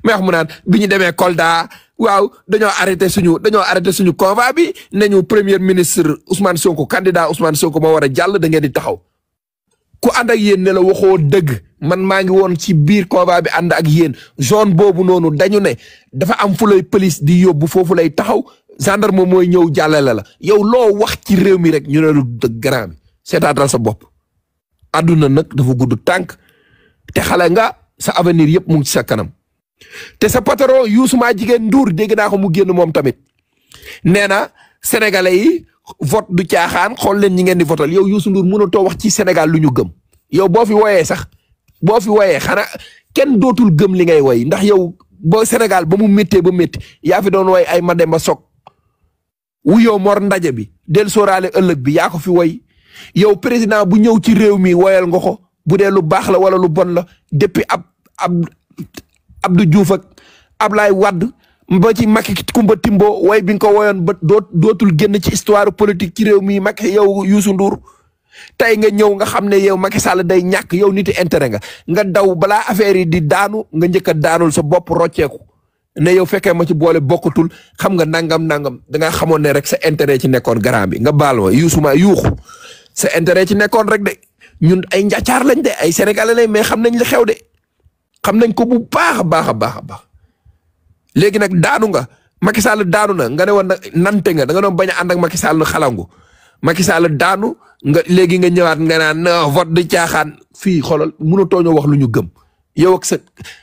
may wax mu naan bi ñu demee Kolda waaw dañoo arrêté suñu dañoo arrêté suñu convoi bi nañu premier ministre Ousmane Sonko candidat Ousmane Sonko moo war a jàll da ngeen di taxaw ku ànd ak yéen ne la waxoo dëgg man maa ngi woon ci biir combat bi ànd ak yéen zone boobu noonu dañu ne dafa am fu lay police di yóbbu foofu lay taxaw moom mooy ñëw jàllale la yow loo wax ci réew mi rek ñu ne lu dëgg grand bi seetaatal sa bopp. àdduna nag dafa gudd tànk te xale nga sa avenir yëpp mu ngi ci sa kanam te sa patron Youssou maa jigéen Ndour dégg naa ko mu génn moom tamit nee na sénégalais yi vote du caaxaan xool leen ñi ngeen di votal yow Youssou Ndour mënatoo wax ci Sénégal lu ñu gëm yow boo fi woyee sax boo fi woyee xanaa kenn dootul gëm li ngay woy ndax yow boo Sénégal ba mu méttee ba métti yaa fi doon woy ay ma Mademba Sock wuyoo mor ndaje bi del sóoraale ëllëg bi yaa ko fi woy yow président bu ñëw ci réew mi woyal nga ko bu dee lu baax la wala lu bon la depuis ab ab Abdou Diouf ak Ablaye Wade ba ci Macky Kumba Timbo way bi nga ko woyoon ba dootul génn ci histoire politique ci réew mi Macky yow Youssou nduur tey nga ñëw nga xam ne yow Macky Sall day ñàkk yow niti intérêt nga nga daw balaa affaire yi di daanu nga njëkk a daanul sa bopp rocceeku ne yow fekkee ma ci boole bokkatul xam nga nangam nangam dangaa xamoon ne rek sa intérêt ci nekkoon grand bi nga baal ma Youssou ma yuuxu sa intérêt ci nekkoon rek de ñun ay njàccaar lañ de ay sénégalais lañ mais xam nañ li xew de xam nañ ko bu baax a baax a baax a baax. legi nak daanu nga Macky Sall daanu na nga ne woon nante nga da nga don baña and ak Macky Sall xalangu Macky Sall daanu nga legi nga ñewat nga naan vote du tiaxan fi xolal mënu toño wax lu gëm yow ak sa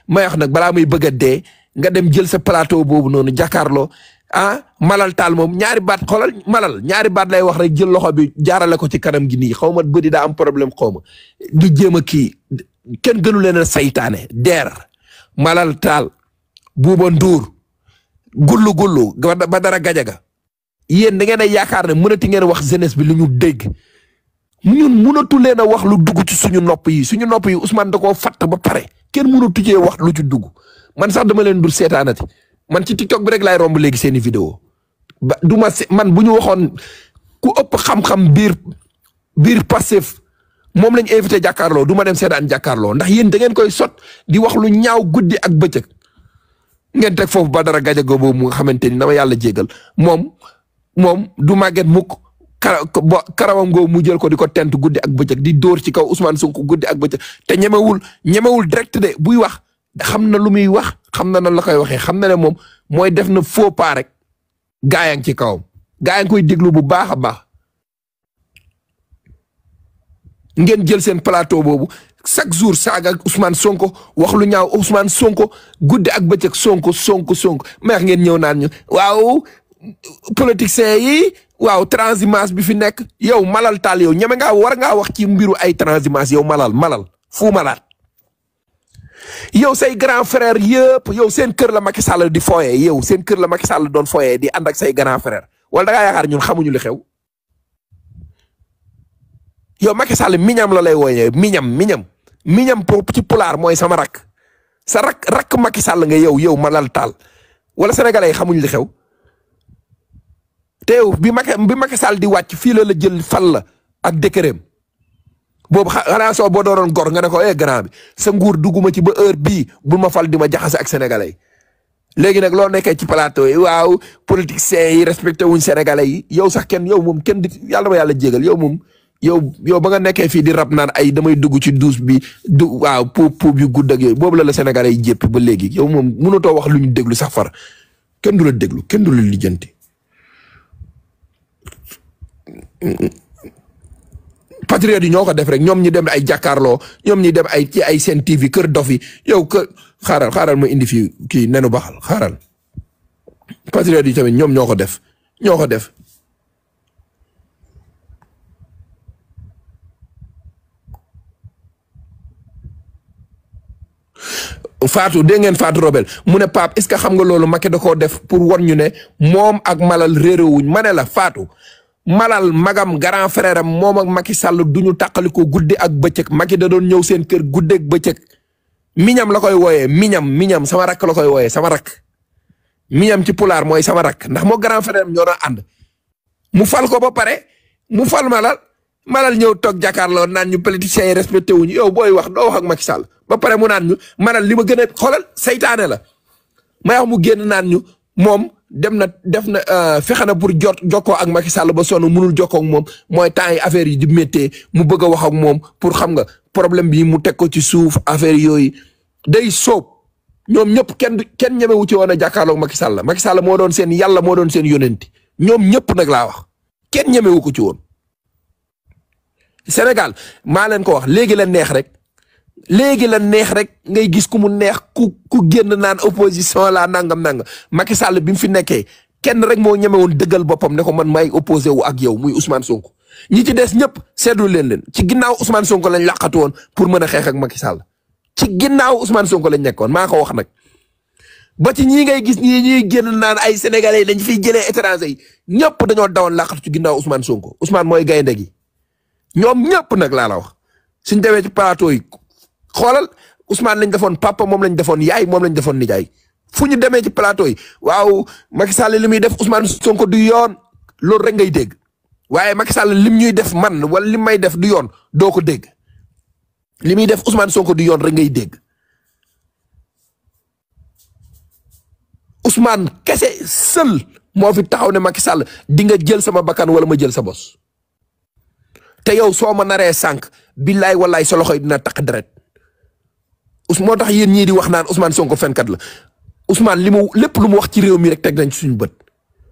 may wax nak bala muy bëgg a nga dem jël sa plateau bobu nonu jakarlo ah malal tal mom ñaari baat xolal malal ñaari baat lay wax rek jël loxo bi jaarale ko ci kanam gi ni xawma beudi da am problème xawma du di ki ken gënu leen malal tal bubon dur gullu gullu badara gajaga yen da ngeen a yaakaar ne mënati ngeen wax jeunesse bi lu ñu dégg ñun mënatu tu wax lu dugg ci suñu nopp yi suñu nopp yi Ousmane da ko fat ba pare Ken mënatu cee wax lu ci dugg man sax dama leen dur seetaanati man ci tiktok bi rek lay romb legi seeni vidéo duma man buñu waxon ku upp xam-xam bir bir passif mom lañ invité jakarlo du dem seetaan jakarlo ndax yeen da ngeen koy sot di wax lu ñaaw guddii ak beccëk ngeen teg foofu Badara Gadiaga boobu mu nga xamante ni dama yàlla jégal moom moom du màgget mukk kara bo karawam googu mu jël ko di ko tent guddi ak bëccëg di dóor ci kaw Ousmane Sonko guddi ak bëccëg te ñemewul ñemewul direct de buy wax xam na lu muy wax xam na na la koy waxee xam na ne moom mooy def na faux rek gaa yaa ngi ci kawam gaa ngi koy déglu bu baax a baax ngeen jël seen plateau boobu chaque jour saaga ak Ousmane Sonko wax lu ñaaw Ousmane Sonko Songko ak bëccëg Sonko Sonko Sonko mer ngeen ñew naan ñu waaw politiciens yi waaw transhumance bi fi nek yow malal tal yow ñame nga war nga wax ci mbiru ay transhumance yow malal malal fu malal yow say grand frère yëpp yow seen kër la Macky Sall di foyé yow seen kër la Macky Sall doon foyé di and ak say grand frère wala da nga yaakar ñun xamuñu li xew yo Macky Sall miñam la lay miñam miñam miñam po ci pulaar mooy sama rakk sa rakk rakk maki Sall nga yow yow ma taal wala sénégalais yi xamuñ li xew te bi Macky bi Macky Sall di wàcc fii la la jël fal la ak décréem boobu xanaa soo boo doonoon gor nga ne ko eh grand bi sa nguur dugguma ci ba heure bii bu ma fal di ma jaxase ak sénégalais yi léegi nag loo nekkee ci plateau yi waaw politiciens yi respecté wuñ sénégalais yi yow sax kenn yow moom kenn di yàlla ma yàlla jégal yow moom. yow yow ba nga nekkee fii di rab naan ay damay dugg ci douche bi du waaw puub puub yu gudd ak boobu la la Sénégalais yi jéppi ba léegi yow moom mënatoo wax lu ñu déglu sax far kenn du la déglu kenn du la lijjanti patriote yi ñoo ko def rek ñoom ñi dem ay jàkkaarloo ñoom ñi dem ay ci ay seen TV kër dof yow kër xaaral xaaral ma indi fi kii nenu baxal xaaral patriote yi tamit ñoom ñoo ko def ñoo ko def Fatou dégg ngeen Fatou Robel mu pap Pape est ce que xam nga loolu Macky da koo def pour wan ñu ne moom ak Malal réeréwuñ ma ne la Fatou Malal magam grand frère am moom ak Macky Sall du ñu tàqaliko guddi ak bëccëg Macky da doon ñëw seen kër guddeeg bëccëg miñam la koy wooyee miñam miñam sama rakk la koy wooyee sama rakk miñam ci pulaar mooy sama rak ndax moo grand frère am ñoo doon ànd Malal malal ñëw toog jàkkaarloo naan ñu politiciens yi respecté ñu yow booy wax doo wax ak Macky Sall ba pare mu naan ñu manal li ma gën a xoolal saytaane la may mu génn naan ñu moom dem na def na euh, fexe na pour jot jokkoo ak Macky Sall ba sonn munul jokkoo ak moom mooy temps yi affaire yi di méttee mu bëgg a wax ak moom pour xam nga problème bi mu teg ko ci suuf affaire yooyu day soob ñoom ñëpp kenn kenn ñemewu ci woon a jàkkaarloog Macky Sall moo doon seen yàlla moo doon seen yónenti ñoom ñëpp nag laa wax kenn ñemewu ci woon. Sénégal maa leen ko wax léegi la neex rek léegi la neex rek ngay gis ku mu neex ku ku génn naan opposition la nangam nangam Macky Sall bi mu fi nekkee kenn rek moo ñemewoon dëggal boppam ne ko man may opposé wu ak yow muy Ousmane Sonko ñi ci des ñëpp seetlu leen leen ci ginnaaw Ousmane Sonko lañ làqatu woon pour mën a xeex ak Macky Sall ci ginnaaw Sonko lañ nekkoon maa ko wax nag. ba ci ñii ngay gis ñii ñuy génn naan ay sénégalais dañ fi jëlee étranger yi ñëpp dañoo dawoon làqatu ci ginnaaw usman Sonko Ousmane mooy gaynde gi ñom ñepp nak la la wax suñ déwé ci plateau yi xolal Ousmane lañ papa Mom lañ defoon yaay mom lañ defoon nijaay fuñu démé ci plateau yi waw Macky Sall limuy def Ousmane Sonko du yoon lool rek ngay dégg Macky Sall lim ñuy def man wala lim may def du yoon do ko dégg limuy def Ousmane Sonko du yoon rek ngay dégg Ousmane kese seul mo fi taxaw né Macky Sall di nga jël sama bakan wala ma jël sa bos. te yow soo ma naree sànq billaay wallaay sa loxo yi dina taq deret us moo tax yéen ñii di wax naan Ousmane Sonko fenkat la Ousmane li mu lépp lu mu wax ci réew mi rek teg nañ ci suñu bët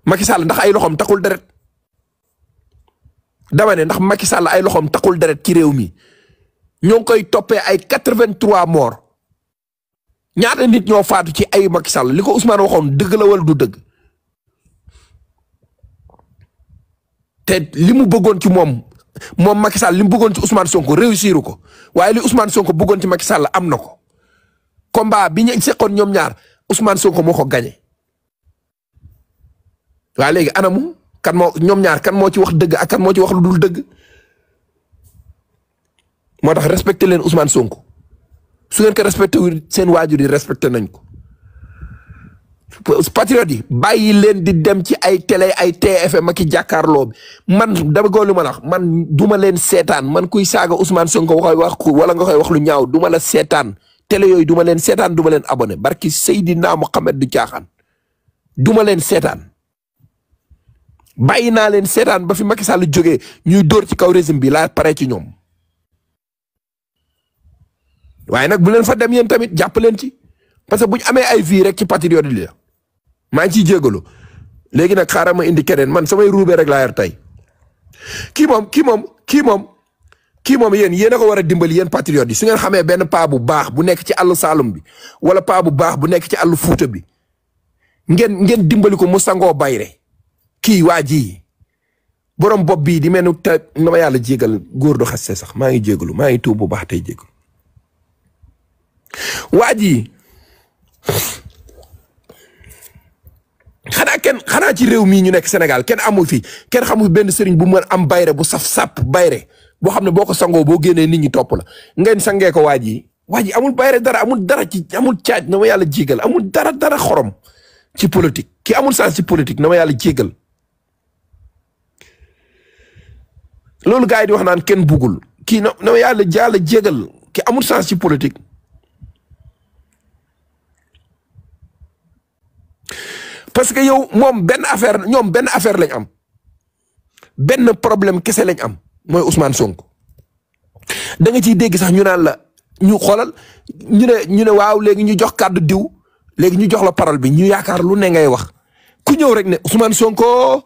Macky Sall ndax ay loxoom taqul deret dama ne ndax Macky Sall ay loxoom taqul deret ci réew mi ñoo ngi koy toppee ay quatre-vingt-trois morts ñaata nit ñoo faatu ci ay Macky Sall li ko Ousmane waxoon dëgg la wala du dëgg te li mu bëggoon ci moom moom Macky Sall li mu bëggoon ci Ousmane Sonko réussiru ko waaye li Ousmane Sonko bëggoon ci Macky Sall am na ko combat bi ñu seqoon ñoom ñaar Ousmane Sonko moo ko gagné waaye léegi anamu kan moo ñoom ñaar kan moo ci wax dëgg ak kan moo ci wax lu dul dëgg moo tax respecté leen Ousmane Sonko su ngeen ko respecté wul seen waajur yi respecté nañ ko. patriote bayi len di dem ci ay télé ay TFM ak jakarlo man dama góor lu man duma len setan, man kuy saga Ousmane Sonko nga wax wala nga koy wax lu ñaaw duma la setan télé yoy duma len setan duma len abonné barki sayidina muhammad du tiaxan duma len setan setan, len setan ba fi Macky Sall jógee ñuy dor ci kaw régime bi la paré ci ñom waye nak bu len fa dem yeen tamit japp len ci parce que buñ amé ay vie rek ci patriote li maa ci ciy legui nak xaram ma indi keneen man samay roubé rek la yar tay ki mom ki mom ki mom ki mom yeen yeen nako wara dimbal yeen patriote yi su ngeen xamé ben pa bu baax bu nek ci salum bi wala pabu bu baax bu nek ci àllu foota bi ngeen ngeen dimbaliko ko mu bayre Ki waji borom bob bi di menou ni te ma yàlla jégal góor du sax ma ngi djeglu ma ngi bu baax tay djeglu waji xanaa kenn xanaa ci réew mii ñu nekk Sénégal kenn amu fi kenn xamul benn sëriñ bu mën am bayre bu saf sàpp bayre boo xam ne boo ko sangoo boo génnee nit ñi topp la ngeen sangee ko waa ji waa ji amul bayre dara amul dara ci amul caaj na ma yàlla jégal amul dara dara xorom ci politique ki amul sens ci politique na yàlla jégal loolu gars yi di wax naan kenn bugul kii na yàlla yàlla jégal ki amul sens ci politique parce que yow moom benn affaire ñoom benn affaire lañ am benn problème kese lañ am mooy Ousmane Sonko da nga ciy dégg sax ñu naan la ñu xoolal ñu ne ñu ne waaw léegi ñu jox kàddu diw léegi ñu jox la parole bi ñu yaakaar lu ne ngay wax ku ñëw rek ne Ousmane Sonko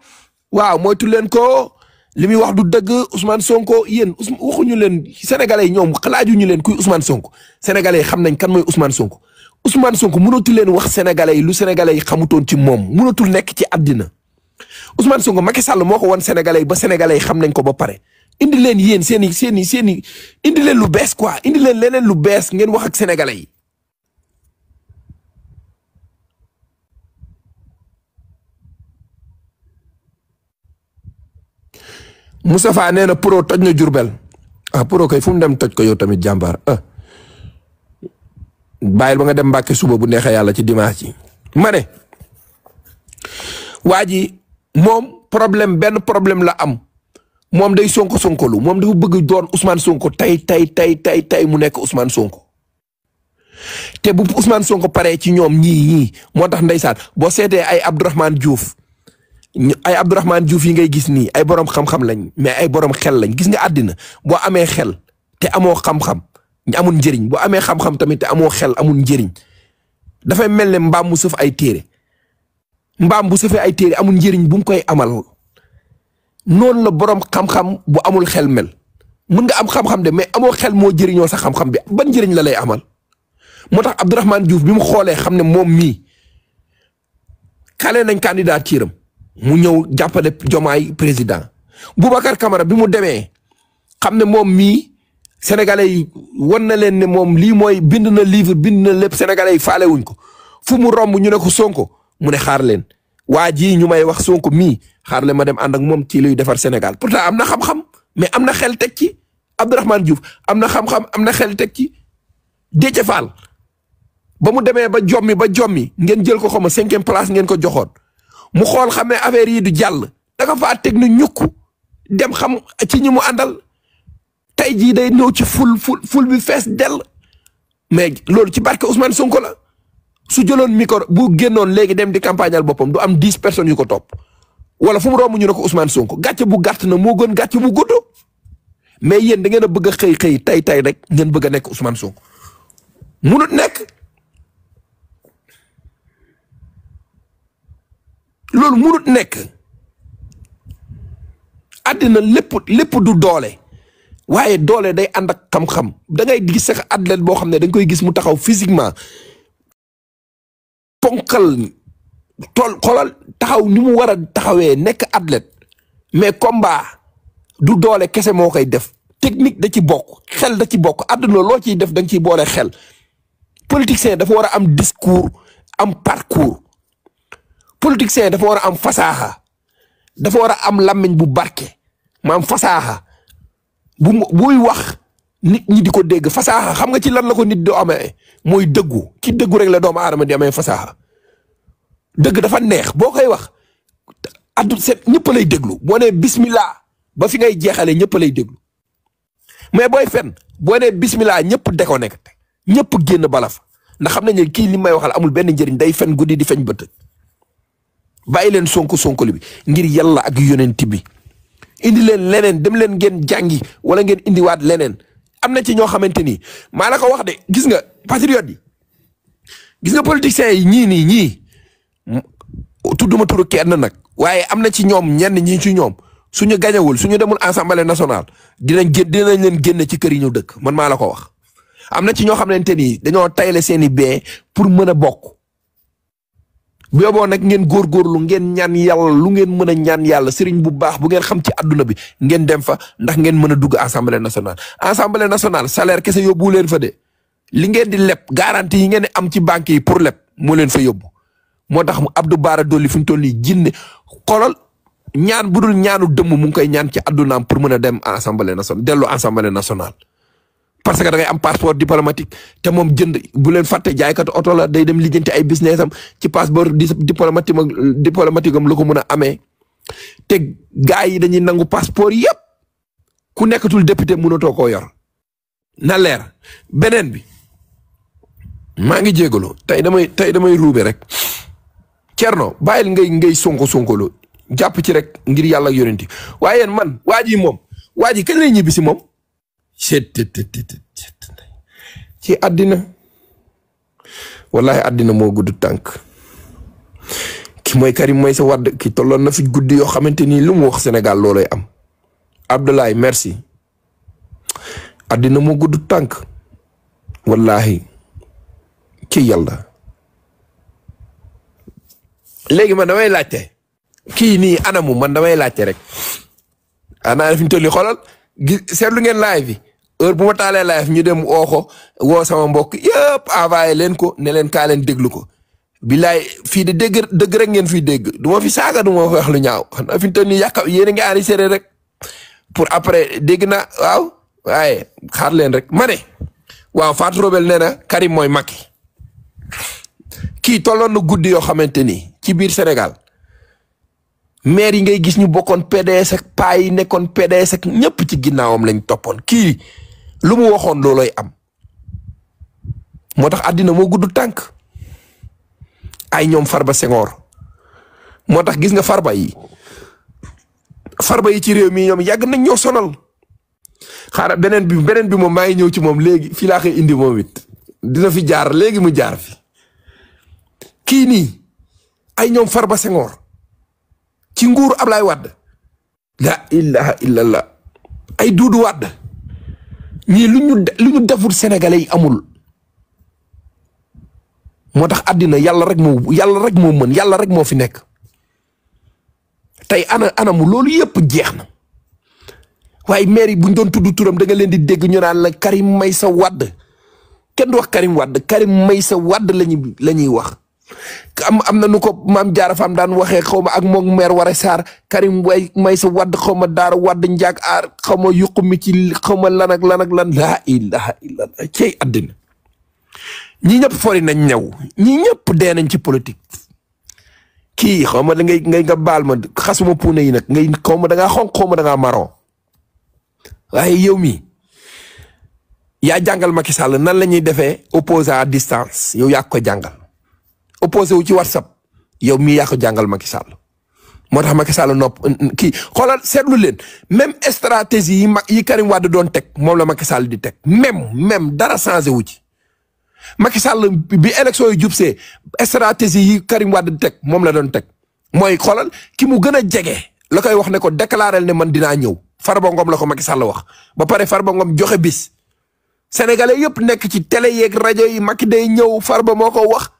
waaw moytu leen ko li muy wax du dëgg Ousmane Sonko yéen ñu leen sénégalais yi ñoom ñu leen kuy usman sonk sénégalais yi xam nañ kan mooy usman Sonko. Ousmane Sonko mënatul leen wax sénégalais lu sénégalais yi xamutoon ci moom mënatul nekk ci àddina Ousmane Sonko Macky Sall moo ko wan sénégalais ba sénégalais yi xam nañ ko ba pare indi leen yéen seeni i seen i seen indi leen lu bees quoi indi leen leneen lu bees ngeen wax ak sénégalais yi. Moustapha nee na na Jurbel ah pro fu mu dem toj ko yow tamit jàmbaar ah. bayil ba nga dem mbacke suba bu neexee yalla ci dimanche mané waji mom problème ben problème la am mom day sonko lu mom dafa bëgg doon Ousmane Sonko tay tay tay tay tay mu nek Ousmane Sonko te bu Ousmane Sonko paré ci ñom ñi ñi motax ndaysat bo sété ay Abdourahmane Diouf ay Abdourahmane Diouf yi ngay gis ni ay borom xam-xam lañ mais ay borom xel lañ gis nga adina bo amé xel te amo xam-xam amul njëriñ boo amee xam-xam tamit amoo xel amul njëriñ dafay mel ne mbaam mu sëf ay téere mbaam bu sëfee ay téere amul njëriñ bu mu koy amal noonu la boroom xam-xam bu amul xel mel mën nga am xam-xam de mais amoo xel moo jëriñoo sa xam-xam bi ban njëriñ la lay amal moo tax Abdourahmane Diouf bi mu xoolee xam ne moom mii kale nañ candidature am mu ñëw jàppale Diomaye président Boubacar Camara bi mu demee xam ne moom mii. sénégalais yi wan na leen ne moom lii mooy bind na livre bind na lépp sénégalais yi faale ko fu mu romb ñu ne ko sonko mu ne xaar leen waa jii ñu may wax sonko mii xaar leen ma dem ànd ak moom ci luy defar Sénégal pourtant am na xam-xam mais am na xel teg ci Abdourahmane Diouf am na xam-xam am na xel teg ci Déthié Fall ba mu demee ba jommi ba jommi ngeen jël ko xaw ma cinquième place ngeen ko joxoon mu xool xam affaire yi du jàll da nga teg nu ñukk dem xam ci ñi mu àndal. tey jii day ñëw ci ful ful ful bi fees dell mais loolu ci barke Ousmane Sonko la su jëloon micro bu génnoon léegi dem di campagnal boppam du am dix personnes yu ko topp wala fu mu romb ñu ne ko Ousmane Sonko gàcce bu gàtt na moo gën gàcce bu gudd mais yéen da ngeen a bëgg a xëy xëy tey tey rek ngeen bëgg a nekk Ousmane Sonko munut loolu munut nekk àddina lépp lépp du doole. waaye doole day ànd ak xam-xam da ngay gis sax athlète boo xam ne dañ koy gis mu taxaw physiquement ponkal tool xoolal taxaw ni mu war a taxawee nekk athlète mais combat du doole kese moo koy def technique da ci bokk xel da ci bokk àdduna loo ciy def da nga ciy boole xel politicien dafa war a am discours am parcours politicien dafa war a am fasaaxa dafa war a am làmmiñ bu barke maam fasaaxa bu buy wax nit ñi di ko dégg fasaaxa xam nga ci lan la ko nit doo amee mooy dëggu ki dëggu rek la doomu adama di amee fasaaxa dëgg dafa neex boo koy wax addu set ñëpp lay déglu boo nee bismillah ba fi ngay jeexalee ñëpp lay déglu mais booy fen boo ne bismillah ñëpp déconnecté ñëpp génn balaf ndax xam nañ ne kii li may waxal amul benn njëriñ day fen guddi di feñ bët bàyyi leen sonko sonko li bi ngir yàlla ak yonent bi. indi leen leneen dem leen ngeen jàngi wala ngeen indiwaat leneen am na ci ñoo xamante ni maa la ko wax de gis nga patriote yi gis nga politiciens yi ñii nii ñii tudduma turu kenn nag waaye am na ci ñoom ñenn ñii ci ñoom suñu gañawul ñu demul assemblée nationale dinañ gén dinañ leen génne ci kër yi ñu dëkk man maa la ko wax am na ci ñoo xamante ni dañoo tayle seen i bee pour mën a bokk booboo nag ngeen lu ngeen ñaan yàlla lu ngeen mën a ñaan yàlla sëriñ bu baax bu ngeen xam ci àdduna bi ngeen dem fa ndax ngeen mën a dugg assemblée national assemblée national salaire kese yóbbu leen fa de li ngeen di leb garantie yi ngeen di am ci banque yi pour leb moo leen fa yóbbu moo tax Abdou Bara Dolly fi mu toll nii jinne xolal ñaan budul ñaanu dëmm mu ngi koy ñaan ci àddunaam pour mën a dem assemblée nationale dellu assemblée nationale parce que da ngay am passeport diplomatique te moom jënd bu leen fàtte jaaykatu oto la day dem lijjanti ay business am ci passeport diplomatique diplomatique am la ko mën a amee te gars yi dañuy nangu passeport yëpp ku nekkatul député mënatoo koo yor na leer beneen bi maa ngi jégalu tey damay tey damay ruube rek Cerno bàyyil ngay ngay sonko sonkolu jàpp ci rek ngir yàlla ak yonenti waaye man waa ji moom waa ji kañ ñibbi si moom. ci àddina wallahi àddina moo gudd tànk ki mooy Karim mooy sa wadd ki tolloon na fi guddi yoo xamante ni lu mu wax Sénégal loolay am Abdoulaye merci àddina moo gudd tànk wallahi ci yàlla léegi man damay laajte kii nii anamu man damay laajte rek ana fi ñu tolli xoolal gi seetlu ngeen laay bi heure bu ma taalee live ñu dem mu ko woo sama mbokk yëpp envoyé leen ko ne leen kaa leen déglu ko billaay fii de dégg dëgg rek ngeen fiy dégg du fi saaga du ma fi wax ñaaw xanaa fi mu toll nii yàq yéen a ngi rek pour après dégg na waaw waaye xaar leen rek ma ne waaw Fatou Robel nee na Karim mooy Macky kii tolloon na guddi yoo xamante ni ci biir Sénégal maire yi ngay gis ñu bokkoon PDS ak yi nekkoon PDS ñëpp ci ginnaawam lañ toppoon kii. lu mu waxoon am motax adina mo guddou tank. ay ñom farba senghor motax gis nga farba yi farba yi ci rew mi ñom yag nañ ñoo sonal xara benen bi benen bi mom may ñew ci mom legi fi la xey indi mom wit dina fi jaar legi mu jaar fi ki ni ay ñom farba senghor ci nguur ablay wad la ilaha illallah ay dudu wad mais lu ñu lu ñu deful sénégalais yi amul moo tax àddina yàlla rek moo yàlla rek moo mën yàlla rek moo fi nekk tey ana anamu loolu yëpp jeex na waaye maire yi bu ñu doon tudd turam da nga leen di dégg ñu naan la Karim Meïssa wàdd kenn du wax Karim Wade Karim Meïssa wàdd lañuy la ñuy wax am am na nu ko maam jaara faam daan waxee xaw ma ak moom meer wara saar kari way may sa wadd xaw ma daara wadd njaag aar xaw ma yuqu mi ci xaw ma lan ak lan ak lan laa ilaha illallah cey àddina ñi ñëpp fori nañ ñëw ñi ñëpp dee nañ ci politique kii xaw ma da ngay ngay nga baal ma xasuma puune yi nag ngay xaw ma da ngaa xonq xaw ma da ngaa yow mi yaa jàngal Macky Sall nan la ñuy defee opposant à distance yow yaa ko jàngal opposé wu ci whatsapp yow mi yaa ko jàngal Macky Sall moo tax Macky Sall nopp kii xoolal seetlu leen même stratégie yi mag yi Karim Wade doon teg moom la Macky di teg même même dara changé wu ci. Macky Sall bi élection yi jubsee stratégie yi Karim Wade di teg moom la doon teg mooy xoolal ki mu gën a jege la koy wax ne ko déclarel ne man dinaa ñëw Farba Ngom la ko Macky Sall wax ba pare Farba Ngom joxe bis sénégalais yëpp nekk ci télé yeeg rajo yi Macky day ñëw ba moo ko wax.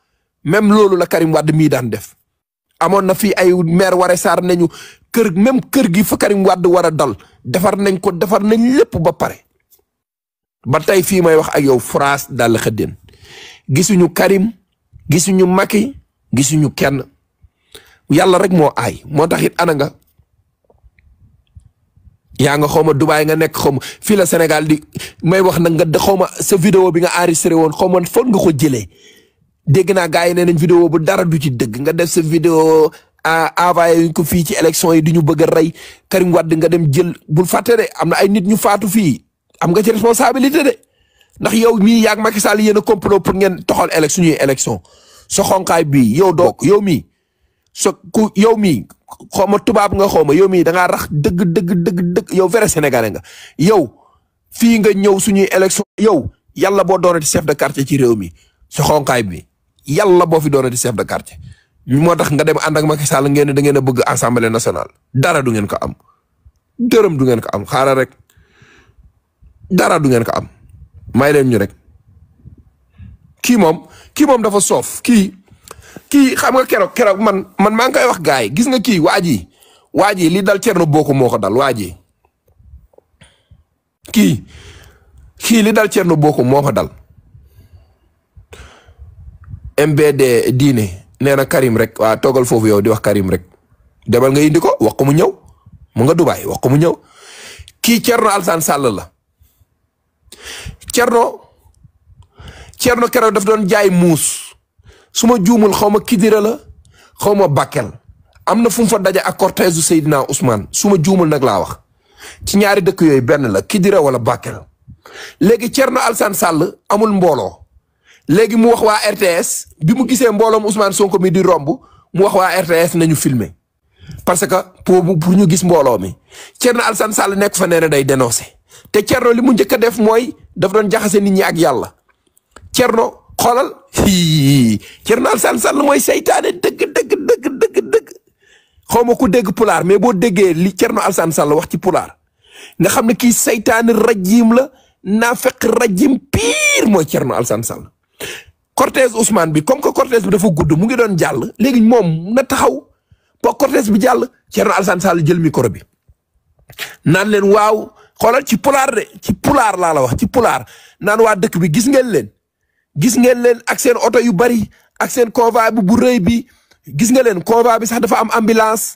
même loolu la Karim Wade mii daan def amoon na fi ay maire Waré Sarr nañu kër même kër gi fa Karim Wade war a dal defar nañ ko defar nañ lépp ba pare ba tey fii may wax ay yow France dal xëddeen gisuñu Karim gisuñu Macky gisuñu kenn yàlla rek moo aay moo tax it ana nga yaa nga xaw ma Dubaay nga nekk xaw ma fii la Sénégal di may wax nag nga xaw ma sa vidéo bi nga enregistré woon xaw ma fan nga ko jëlee degna naa gars video nañ vidéo bu dara du ci deug nga def sa video a avay ko fi ci election yi du bëgg ray Karim wad nga dem jël bu faté dé am ay nit ñu faatu fi am nga ci responsabilité dé ndax yow mi yaag Macky Sall yeena complot pour ngeen toxal election yi election so xonkay bi yow dok yow mi so ku yow mi xoma tubab nga xoma yow mi da nga rax deug deug deug deug yow vrai sénégalais nga yow fi nga ñëw suñu élection yow yalla bo doonati chef de quartier ci réew mi so xonkay bi yalla bo fi di chef de quartier moo tax nga dem ànd ak Macky Sall ngeen da ngeen bëgg assemblée nationale dara du ngeen ko am deureum du ngeen ko am xara rek dara du ngeen ko am may leen ñu rek ki mom ki mom dafa sof ki ki xam nga keroog keroog man man ma ngay wax gaay gis nga ki waji waji li dal Thierno Boko moko dal waji ki ki li dal Boko moko dal MBD diine nee na Karim rek wa toogal foofu yow di wax Karim rek demal nga indi ko wax ko mu ñëw mu nga Dubaay wax ko mu ñëw kii Thierno Alassane Sall la Thierno Thierno keroog daf doon jaay muus suma ma juumul xaw ma Kidira la xawma ma Bakel am na fu fa daje ak cortège du Seydina Ousmane su ma juumul nag laa wax ci ñaari dëkk yooyu benn la Kidira wala Bakel léegi Thierno Alassane Sall amul mbooloo. léegi mu wax wa RTS bi mu gisee mbolom Ousmane Sonko mi di rombu mu wax wa RTS nañu filmé parce que pour pour ñu gis mbolo mi Thierno Alsan Sall nek fa nee day dénoncé te Thierno li mu njëkk def moy daf doon jaxassé nit ñi ak Yalla Thierno xolal Thierno Sall moy seytaane deug deug deug deug deug xawma ku dégg pular mais bo déggé li Thierno Alsan Sall wax ci pular nga xamné ki kii rajim la naafeq rajim pire moy Thierno Alsan Sall. cortège Ousmane bi comme que cortège bi dafa gudd mu ngi doon jàll léegi moom na taxaw ba cortège bi jàll Thierno Alassane Sall jël micro bi naan leen waaw xoolal ci pulaar de ci pulaar laa la wax ci pulaar naan waa dëkk bi gis ngeen leen gis ngeen leen ak seen oto yu bari ak seen convoi bu bu rëy bi gis nga leen convoi bi sax dafa am ambulance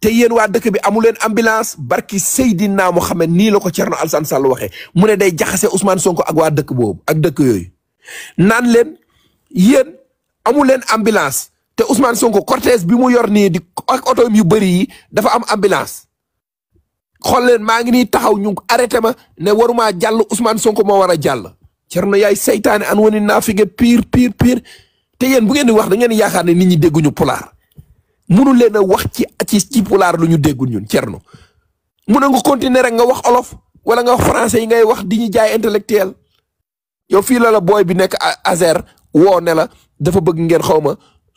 te yéen waa dëkk bi amu leen ambulance barki Seydina Mohamed nii la ko Thierno Alassane Sall waxee mu ne day jaxase Ousmane Sonko ak waa dëkk boobu ak dëkk yooyu. Nan len yen amul len ambulance te Ousmane Sonko cortège bi mu yor ni di auto yu bëri dafa am ambulance xol len maa ngi taxaw ñu arrêté ma ne waruma jall Ousmane Sonko mo wara jall Cerno yaay seytaane an woni nafige pir. pire pire te yen bu ngeen di wax da ngeen di ni nit ñi ñu polar munu leen wax ci ci ci pulaar lu ñu deggu ñun Cerno mun na nga continuer rek nga wax olof wala nga français yi ngay wax di ñi jaay intellectuel yow fii la la booy bi nekk azer woo ne la dafa bëgg ngeen xaw ma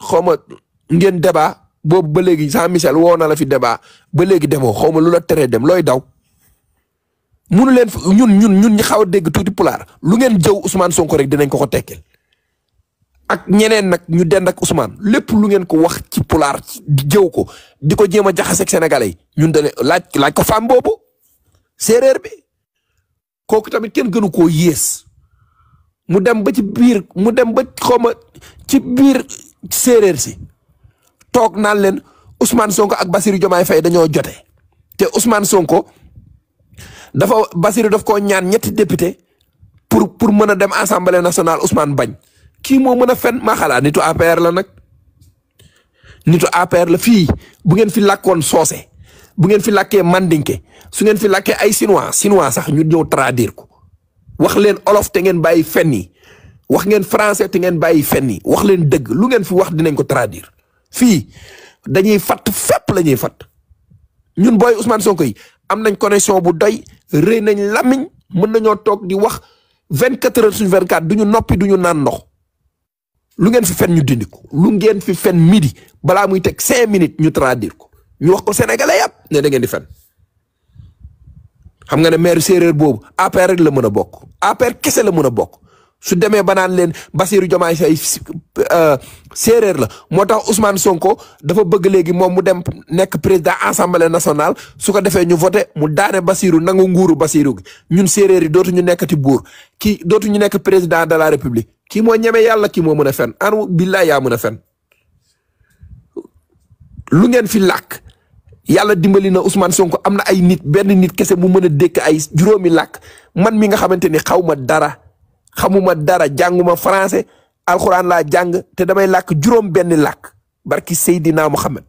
xaw ma ngeen débat boobu ba léegi Jean Michel woo na la fi débat ba léegi demoo xaw ma lu la dem looy daw. munu leen ñun ñun ñun ñi xaw a dégg tuuti pulaar lu ngeen jëw Ousmane Sonko rek dinañ ko ko tekkil ak ñeneen nag ñu dend ak Ousmane lépp lu ngeen ko wax ci pulaar di jëw ko di ko jéem a jaxase ak sénégalais yi ñun dane laaj laaj ko femme boobu séeréer bi kooku tamit kenn gënu koo yées mu dem ba ci biir mu dem ba xoma ci biir séeréer si toog naan leen Ousmane Sonko ak basiru Diomaye fay dañoo jote te Ousmane Sonko dafa basiru daf ko ñaan ñetti député pour pour mëna dem assemblée nationale Ousmane bagn ki mo mëna fen nitu APR la nak nitu APR la fi bu ngeen fi làkkoon sosé bu ngeen fi làkkee mandinke su ngeen fi làkkee ay sinois sinois sax ñu traduire ko wax leen olof te ngeen bayyi fen yi wax ngeen français te ngeen bayyi fen yi wax leen dëgg lu ngeen fi wax dinañ ko traduire fii dañuy fatt fépp la ñuy fatt ñun booy Ousmane Sonko yi am nañ connexion bu doy rëy nañ lamiñ mën nañoo toog di wax 24 heures sur 24 duñu noppi duñu naan ndox lu ngeen fi fenn ñu dindi ko lu ngeen fi fenn midi balaa muy teg 5 minutes ñu traduire ko ñu wax ko sénégalais yàpp ne da ngeen di fenn xam nga ne maire séeréer boobu APR la mën a bokk APR kese la mun a bokk su demee ba naan leen Bassirou Diomaye Faye euh, séeréer la moo tax Ousmane Sonko dafa bëgg léegi moom mu dem nekk président assemblée national su ko defee ñu voté mu daane Bassirou nangu nguuru Bassirou gi ñun séeréer yi dootuñu nekkati buur kii ñu nekk président de la république kii moo ñeme yàlla kii moo mën a fen an billaay yaa mën a fen lu ngeen fi làkk Yalla dimbali na Ousmane Sonko amna ay nit ben nit kesse mu meuna dekk ay juromi lak man mi nga xamanteni ni ma dara xamuma dara janguma français alcorane la jang te damay lak jurom ben lak barki sayidina Muhammad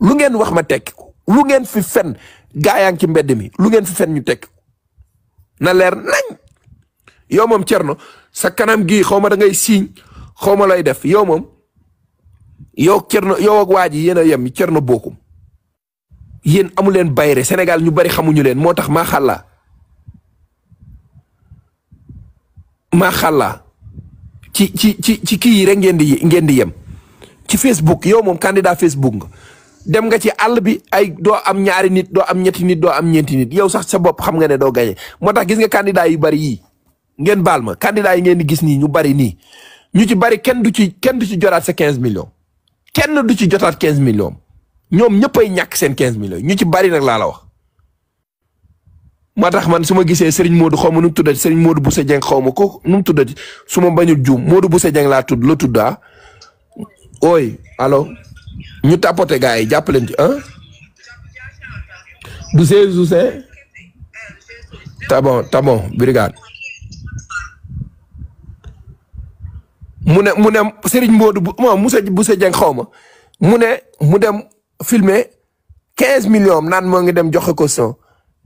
lu ngeen wax ma tek lu ngeen fi fen gaayang ci mbedd mi lu ngeen fi fen ñu tek na leer nañ yow mom Thierno sa kanam gi xawma da ngay siiñ xawma lay def yow mom yow Thierno yow ak waji yena yam a bokum yéen amu leen bayre Sénégal ñu bari xamuñu leen moo tax maa xàllaa maa xàllaa ci ci ci ci kii yi rek ngeen di ngeen di yem ci Facebook yow moom candidat Facebook nga dem nga ci àll bi ay doo am ñaari nit doo am ñetti nit doo am ñeenti nit yow sax sa bopp xam nga ne doo gañe moo tax gis nga candidat yu bari yii ngeen baal ma candidat yi ngeen di gis nii ñu bari nii ñu ci bari kenn du ci kenn du ci jotaat sa quinze millions kenn du ci jotaat quinze millions. ñoom ñëppay ñàkk seen 15 millions ñu ci bari nag laa tax man su ma gisee Serigne Modou xaw ma nu mu tuddati Serigne Modou Boussa Dieng xaw ma ko nu mu tuddati suma ma bañul juum Modou Boussa Dieng la tudd ah. alo ñu tapote gars yi jàpp leen ci ah. du see du see. tabon tabon brigade. mu ne mu ne Serigne Modou Moussa Boussa Dieng xaw ma filmer quinze millions naan moo ngi dem ko caution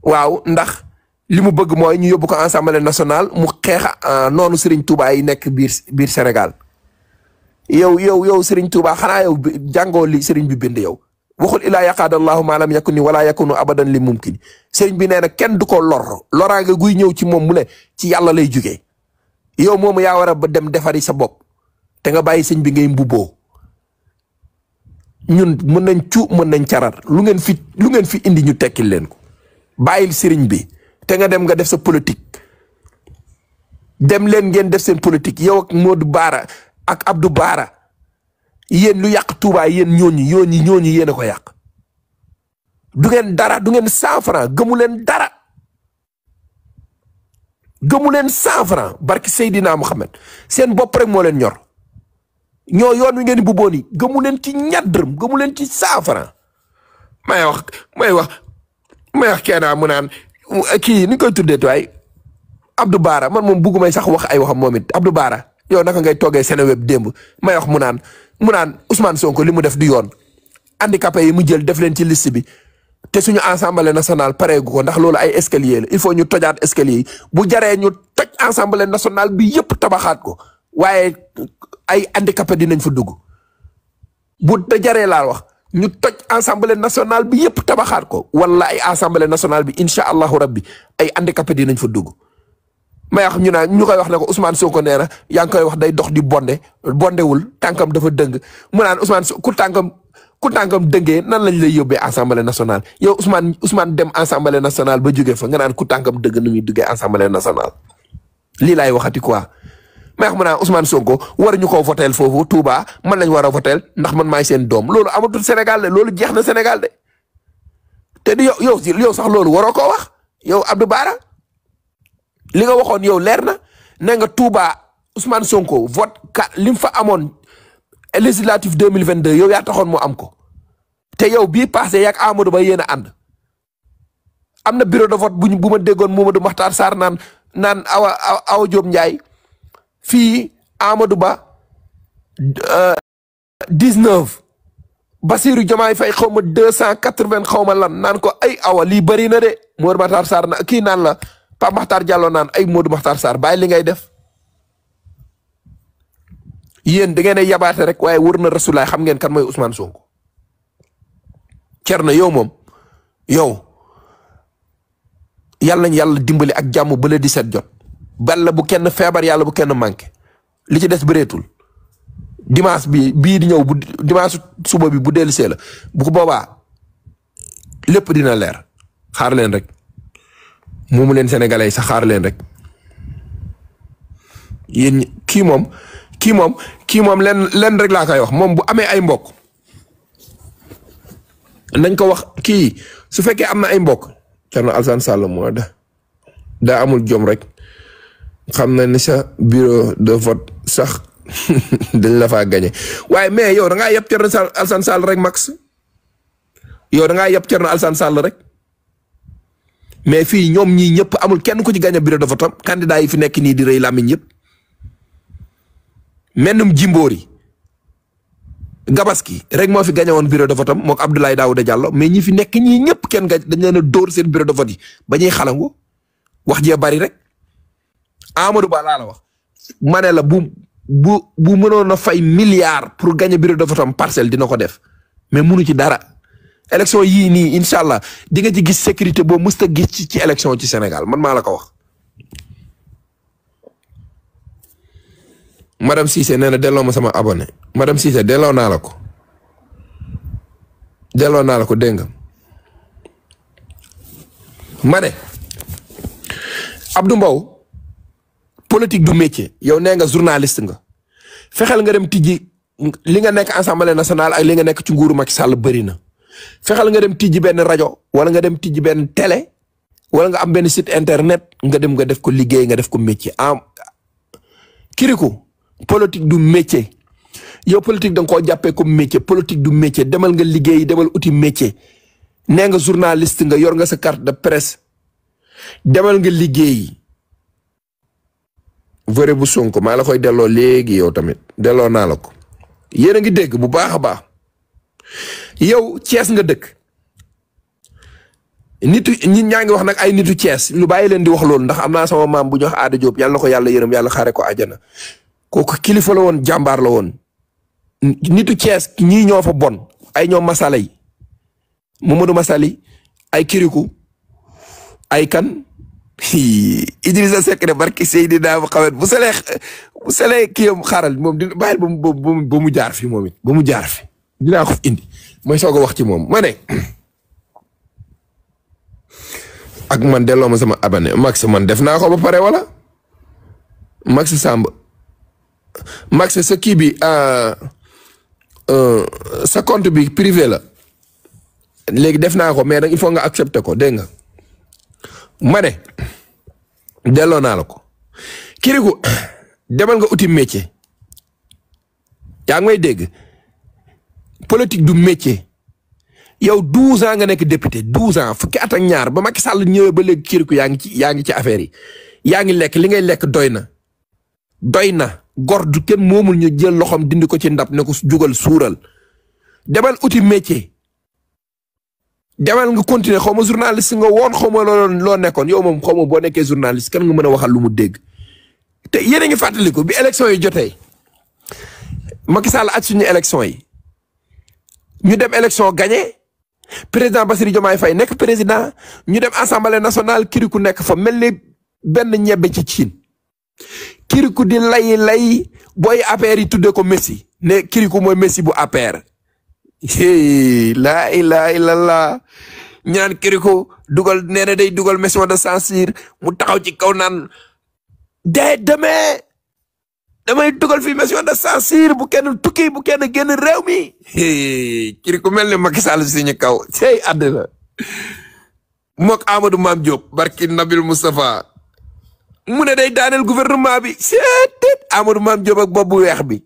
waaw ndax li mu bëgg mooy ñu yóbbu ko assemblée nationale mu xeex euh, noonu Serigne Touba yi nekk biir biir Sénégal yow yow yow Serigne Touba xanaa yow jàngoo li Serigne bi bind yow waxul ilaa yaqaada allahu ma lam yakuni wala yakunu abadan li mumkin Serigne bi nee na kenn du ko lor loraange guy ñëw ci moom mu ne ci yàlla lay jugee yow moomu yaa war ba dem defari sa bopp te nga bàyyi sëñ bi ngay mbubboo ñun mën nañ cu mën nañ carar lu ngeen fi lu ngeen fi indi ñu tekkil leen ko bàyyil sëriñ bi te nga dem nga def sa politik dem leen ngeen def seen politique yow ak Modou Baara ak Abdou Baara yéen lu yàq tuubaay yéen ñooñu ñooñu ñooñu yéen a ko yàq du ngeen dara du ngeen cent gëmu leen dara gëmu leen cent barki Seydina Mohamed seen bopp rek moo leen ñor. ñoo yoon wi ngeen bubboon yi gëmu leen ci Mayok, gëmu leen ci saafara may wax may wax may wax kenn mu naan kii ni koy tuddee tuwaay abdou bara man moom buggumay sax wax ay waxam moom it abdou bara yow naka ngay toggee web démb may wax mu naan mu naan ousmane sonko li mu def du yoon handicapé yi mu jël def leen ci liste bi te suñu assemblée nationale pareegu ko ndax loolu ay escalier il faut ñu tojaat escalier bu jaree ñu toj assemblée nationale bi yépp tabaxaat ko waaye ay handicapé dinañ fa dugg bu dajaree la wax ñu toj assemblée nationale bi yépp tabaxar ko wala ay assemblée nationale bi insha Allah rabbi ay handicapé dinañ fa dugg may wax ñu na ñu koy wax ne ko Ousmane Sonko nee na ngi koy wax day dox di bonde wul tankam dafa dëng mu naan Ousmane ku tankam ku tankam dëngee nan lañ lay yobé assemblée nationale yow Ousmane Ousmane dem assemblée nationale ba jógee fa nga naan ku tankam dëgg nu mi duggé assemblée nationale li lay waxati quoi may wax mu naa Sonko war ñu koo voteel foofu Touba man lañ war a voteel ndax man may seen doom loolu amatul Sénégal de loolu jeex na Sénégal de te yow sax loolu waroo ko wax yow Abdou Bara li nga waxoon yow leer na ne nga Touba Ousmane Sonko vote ka li mu fa amoon législatif 2022 yow yaa taxoon mu am ko te yow bii passé yak Amadou Ba yéen a ànd am na bureau de vote buñ bu ma déggoon Mamadou Makhtar Sarr naan naan Awa Awa Diop fii Amadou Ba euh, dix-neuf Bassirou Diomaye Faye xaw ma deux cent quatre-vingt xaw ma lan naan ko ay awa lii bëri na de Mor Matar Sarr na kii naan la Pape Makhtar Diallo naan ay Modou Makhtar Sarr bàyyi li ngay def yéen da ngeen a rek waaye wër na rasulaay xam ngeen kan mooy Ousmane Sonko Thierno yow moom yow yàlla nañ yàlla dimbali ak jàmm bële di set jot. balla bu kenn feebar yàlla bu kenn manqué li ci des bëreetul dimanche bi bii di ñëw bu dimanche suba bi bu dellusee la bu ko boobaa lépp dina leer xaar leen rek moomu leen sénégalais yi xaar leen rek yéen kii moom kii moom kii moom leen leen rek laa koy wax moom bu amee ay mbokk nañ ko wax kii su fekkee am na ay mbokk Thierno Alassane Sall moo da daa amul jom rek. xam na ni sa bureau de vote sax dañ lafa faa gañe waaye mais yow da ngaa yab Thierno Sall Alassane Sall rek max yow da ngaa yab Thierno Alassane Sall rek mais fii ñoom ñii ñëpp amul kenn ku ci gañe bureau de vote am candidat yi fi nekk nii di rey làmmiñ yëpp mennum jimboori Gabaski rek moo fi gañe woon bureau de vote am mook daaw Daouda Diallo mais ñi fi nekk ñii ñëpp kenn gañ dañ leen a dóor seen bureau de vote yi ba ñuy xalangu wax jee bari rek. Amadou Ba laa la wax ma ne la bu bu bu mënoon na fay milliard pour gagner bureau de vote parcelle dina ko def mais munu ci dara. élection yii nii incha allah di nga ci gis sécurité boo mës a gis ci ci élection ci Sénégal man maa la ko wax. madame Cissé nee na delloo ma sama abone madame Cissé delloo naa la ko delloo naa la ko dégg nga ma ne Mbow politique du métier yow nee nga journaliste nga fexeel nga dem tijji li nga nekk assemblée nationale ak li nga nekk ci nguuru Macky Sall bëri na fexeel nga dem tijji benn rajo wala nga dem tijji benn télé wala nga am benn sit internet nga dem nga def ko liggéey nga def ko métier am kiriku politique du métier yow politique da nga koo jàppee comme métier du métier demal nga liggéey demal uti métier nee nga journaliste nga yor nga sa carte de presse demal nga liggéey vere bu sonko ma la koy delo legi yow tamit delo nalako yene ngi deg bu bah ba yow ties nga dëkk nitu nit ñaa ngi wax nak ay nitu ties lu baye len di wax lool ndax amna sama mam bu ñox wax job yalla yàlla na ko yalla yërëm yàlla xaare ko aljana koku kilifa la won jambar la won nitu ties ñi ñofa bon ay ñom masalay yi Masali ay kiriku ay kan Idrissa Seck par barki Seydina Mohamed bu salee bu salee kii yam xaaral moom di bàyyil ba mu ba mu jaar fi moom it ba mu jaar fi dinaa ko indi mooy soog a wax ci moom ma ne ak man delloo ma sama abonné max man def naa ko ba pare wala max Samb max sa kii bi euh, euh, sa compte bi privé la léegi def naa ko mais nag il faut nga accepter ko dégg nga ma delloo naa la ko Kirikou demal nga uti métier yaa ngi may dégg politique du métier yow 12 ans nga nekk député 12 ans fukki at ak ñaar ba Macky Sall ñëwee ba léegi Kirikou yaa ngi ci yaa ngi ci affaire yi yaa ngi lekk li ngay lekk doy na doy na gor du kenn moomul ñu jël loxoom dindi ko ci ndab ne ko jugal suural demal uti métier. demal nga continuer xaw ma journaliste nga woon xaw ma loo loo nekkoon yow moom xaw ma boo nekkee journaliste kan nga mën a waxal lu mu dégg te yéen a ngi fàttaliku bi élection yi jotee Macky Sall aj suñu élection yi ñu dem élection gagné président Bassirou Diomaye fay nekk président ñu dem assemblée nationale kiriku nekk fa mel ni benn ñebe ci Chine kiriku di lay lay booy APR yi tuddee ko Messi ne kiriku mooy Messi bu APR. la ilaha illallah ñaan kiriko dugal neena day dugal mesma de sansir mu taxaw ci kaw nan de demé damay dugal fi mesma de sansir bu kenn tukki bu kenn genn rew mi kiriko melni Macky Sall ñu kaw sey àddina mok Amadou Mam job barki Nabil Mustafa, mu ne day daanel gouvernement bi sey Amadou Mam job ak bobu wex bi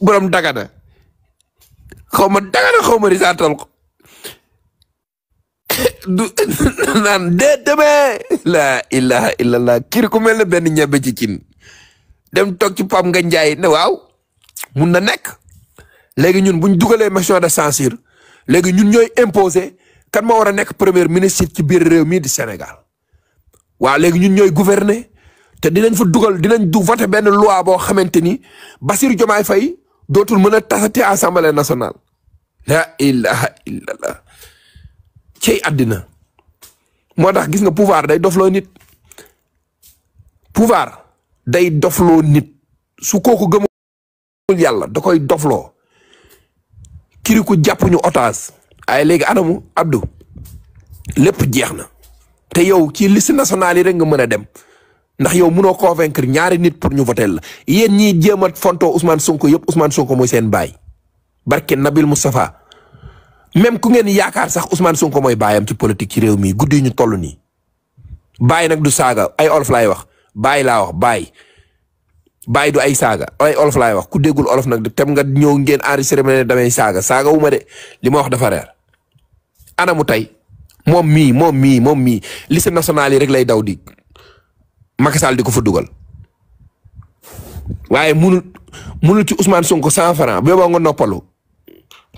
borom dagana xaw ma dagana xaw ma risaatal ko du naan dee demee laa ilaha ku mel ne benn ñebe ci cin dem toog ci pam nga njaay ne waaw mun na nekk léegi ñun buñ dugalee motion de sansir léegi ñun ñooy imposé kan ma war a nekk premier ministre ci biir réew mii di Sénégal waaw léegi ñun ñooy gouverner te dinañ fa dugal dinañ du voter benn loi boo xamante ni Bassirou Diomaye Faye dootul mën a tasati assemblée nationale national ilaha cey àddina moo tax gis nga pouvoir day dofloo nit pouvoir day dofloo nit su kooku gëmul yàlla da koy dofloo kiriku jàppuñu ñu ay léegi anamu addu lépp jeex na te yow ci liste nationale yi rek nga mën a dem ndax yow mëno convaincre ñaari nit pour ñu votel la yéen ñiy jéem fonto Ousmane Sonko yëpp Ousmane Sonko moy seen bay barké Nabil Moustapha même ku ngeen yaakar sax Ousmane Sonko moy bayam ci politique ci réew mi guddé ñu tollu ni bay nak du saga ay olof lay wax bay la wax bay bay du ay saga ay olof lay wax ku déggul olof nak tém nga ñëw ngeen enregistrer ma damay saga saga wu ma dé li wax dafa anamu tay mom mi mom mi mom mi liste nationale rek lay daw di Macky Sall di fa duggal waye munul munul ci Ousmane Sonko cent franc boobaa nga noppalu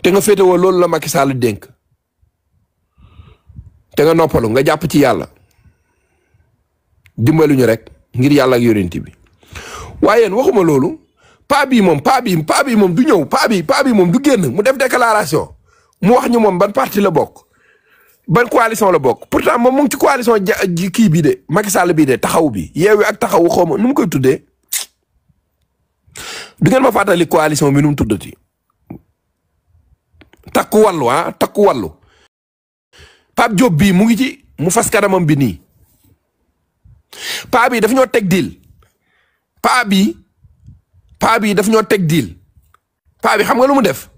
te nga wo lolou la Macky Sall denk te nga noppalu nga japp ci dimbalu ñu rek ngir Yalla ak yonent bi waye yéen waxuma lolou pa bi mom pa bi pa bi mom du ñew pa bi pa bi mom du genn mu def déclaration mu wax ñu mom ban parti la bok ban coalition la bok pourtant mom mo ngi ci coalition ja kii bi de Macky Sall bi de taxaw bi yewi ak taxaw xaw num koy tuddé du ngeen ma fatali coalition bi num tuddati takku wàllu ha ah, takku wàllu pap job bi mu ngi ci mu fas karamam bi ni pap bi daf ñoo tek deal pap bi pap bi daf ñoo tek deal pap bi xam nga lu mu def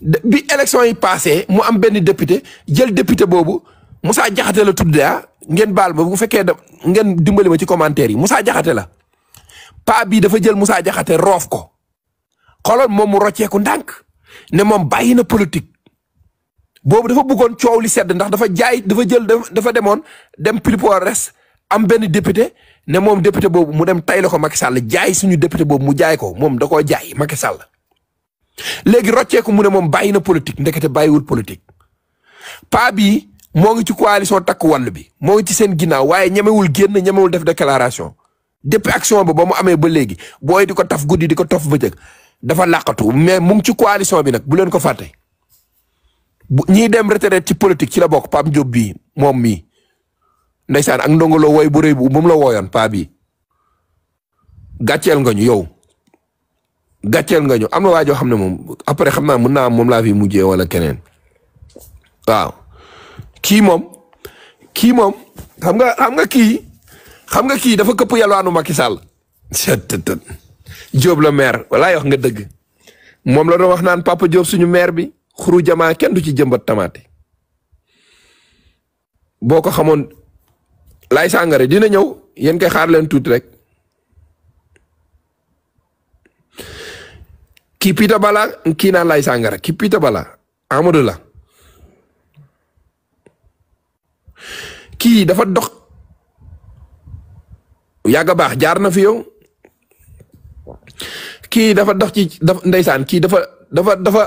bi élection yi passé mu am ben député jël député bobu Moussa Diakhaté la tuddee ah ngeen baal ma bu fekkee da ngeen dimbali ma ci commentaire yi Moussa Diakhaté la pa bi dafa jël Moussa Diakhaté rof ko xooloon momu roccé rocceeku ndànk ne mom bayina politique bobu dafa bëggoon ciow li sedd ndax dafa jaay dafa jël dafa démon dem Pripor res am ben député né mom député bobu mu dem tay lako Macky Sall jaay suñu député bobu mu jaay ko mom da koo jaay Macky Sall légui rocceeku ko mune mom bayina politique ndekete bayiwul politique pa bi mo ngi ci coalition tak wàll bi mo ngi ci sen ginaaw waye ñamewul genn ñamewul def déclaration depuis action ba ba mu amee ba légui boy diko taf goudi diko ko tof bëccëg dafa laqatu mais mu ngi ci coalition bi nak bu len ko faté ñi dem retraite ci politique ci la bok pam job bi mom mi ndaysan ak lo way bu reuy bu mu la woyon pa bi gatchel nga ñu yow gatchel nga ñu am na waa joo xam après xamna mën naa am fi mujjé wala keneen waaw ki mom ki mom xam nga xam nga ki xam nga ki dafa këpp yalwaanu Macky Sall tëtët job la mer wala wax nga deug mom la do wax naan Papa job suñu mer bi xuru jamaa kenn du ci jëmbat tamaté boko xamone lay sangare dina ñew yeen kay xaar leen tout rek kipita bala kina lai sangara kipita bala amadou la ki dafa dox yaga bax jaar na fi yow ki dafa dox ci ki dafa dafa dafa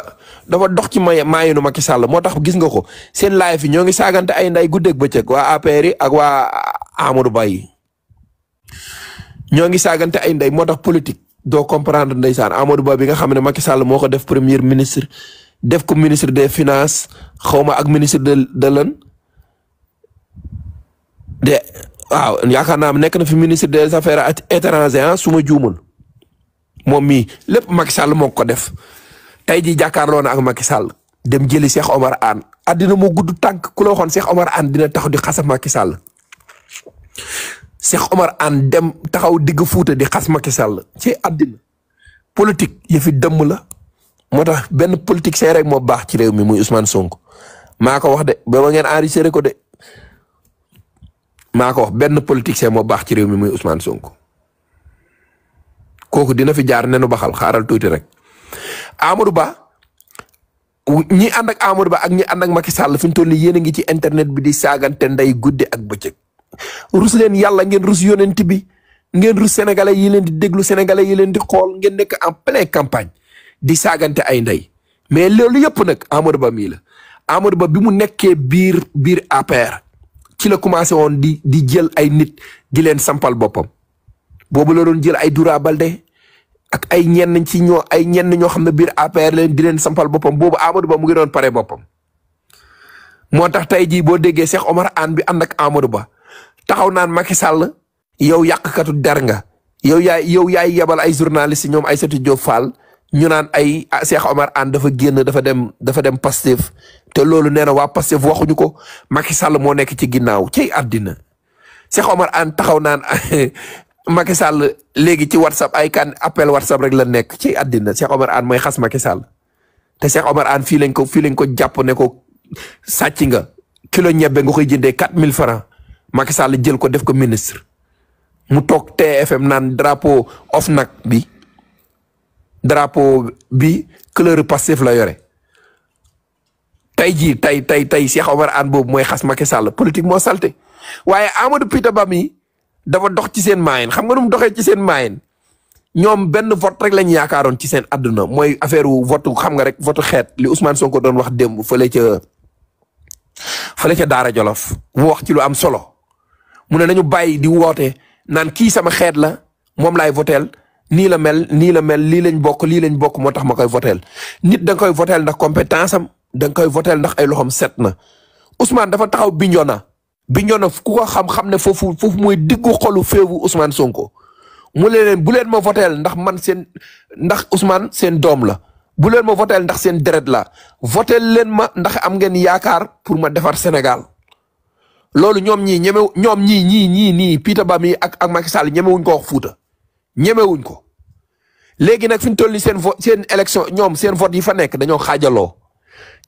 dafa dox ci mayenu Macky Sall motax gis nga ko seen live ñoo ngi sagante gudek nday guddek beccëk wa APR ak wa Amadou Baye ñoo ngi sagante ay nday motax politique do comprendre ndeysaan amadou bobbi nga xam Macky Sall moko def premier ministre def ko ministre des finances xawma ak ministre de de lan de waaw yaakaar am nek na fi ministre des affaires étrangères ah, su ma juumul mi mii lépp Macky Sall moko def tay di jakarlo na ak Macky Sall dem jeli Cheikh Omar an adina mo gudd tank ku la waxoon Cheikh Omar an dina tax di xassa Macky Sall Cheikh Omar an dem taxaw digg fuuta di xass Macky Sall ci adina politique fi dem la motax ben politique sey rek mo bax ci rew mi muy Ousmane Sonko mako wax de ba ma ngeen enregistré ko de mako ko wax ben politique sey mo bax ci rew mi muy Ousmane Sonko koku dina fi jaar nenu baxal xaaral rek Amadou Ba ñi and ak Amadou Ba ak ñi and ak Macky Sall fiñ tolli ngi ci internet bi di sagante nday guddé ak rus leen yàlla ngeen rus yonent bi ngeen rus sénégalais yi leen di déglu sénégalais yi leen di xool ngeen nekk am pleine campagne di saagante ay ndey mais loolu yëpp nag Amadou Ba mii la Amadou Ba bi mu nekkee biir biir APR ci la commencé woon di di jël ay nit di leen sampal boppam boobu la doon jël ay Doura Baldé ak ay ñenn ci ñoo ay ñenn ñoo xam ne biir APR leen di leen sampal boppam boobu Amadou Ba mu ngi doon pare boppam moo tax tey jii boo déggee Cheikh Omar Anne bi ànd ak Amadou Ba taxaw naan Macky Sall yow yàqkatu der nga yow yaay yow yaay yebal ay journaliste ñoom Aïssatou Diop Fall ñu naan ay ah, Cheikh Omar Anne dafa génn dafa dem dafa dem Pastef te loolu nee na waa Pastef waxuñu ko Macky Sall moo nekk ci ginnaaw cey àddina Cheikh Omar Anne taxaw naan Macky Sall léegi ci WhatsApp ay kan appel WhatsApp rek la nekk ci àddina Cheikh Omar Anne mooy xas Macky Sall te Cheikh Omar Anne fii lañ ko fii lañ ko jàpp ne ko sàcc nga kilo ñebbe nga koy jëndee 4000 francs Macky Sall jël ko def ko ministre mu tok TFM nan drapeau nak bi drapeau bi couleur passif la yore tay tai tay tay tay Cheikh Omar an bob moy khas Macky Sall politique mo salté waye Amadou Pita bami dafa dox ci sen mayen xam nga num doxé ci sen mayen ñom benn vote rek lañ yakaron ci sen aduna moy affaire wu vote xam nga rek vote xet li Ousmane Sonko don wax démb fele ci fele ci Daara Jolof wax ci lu am solo. mu ne nañu bàyyi di woote naan kii sama xeet la moom laay voteel nii la mel nii la mel lii lañ bokk lii lañ bokk moo tax ma koy voteel nit da koy voteel ndax compétence am da nga koy voteel ndax ay loxom set na Ousmane dafa taxaw Bignona Bignona ku ko xam-xam ne foofu foofu mooy diggu xolu féewu Ousmane Sonko mu ne leen bu leen ma voteel ndax man seen ndax Ousmane seen doom la bu leen ma voteel ndax seen deret la voteel leen ma ndax am ngeen yaakaar pour ma defar Sénégal loolu ñoom ñii ñeme ñoom ñii ñii ñii nii Peter Ba mi ak ak Macky Sall ñemewuñ ko wax Fuuta ñemewuñ ko léegi nag fi ñu toll nii seen vote seen élection ñoom seen vote yi fa nekk dañoo xaajaloo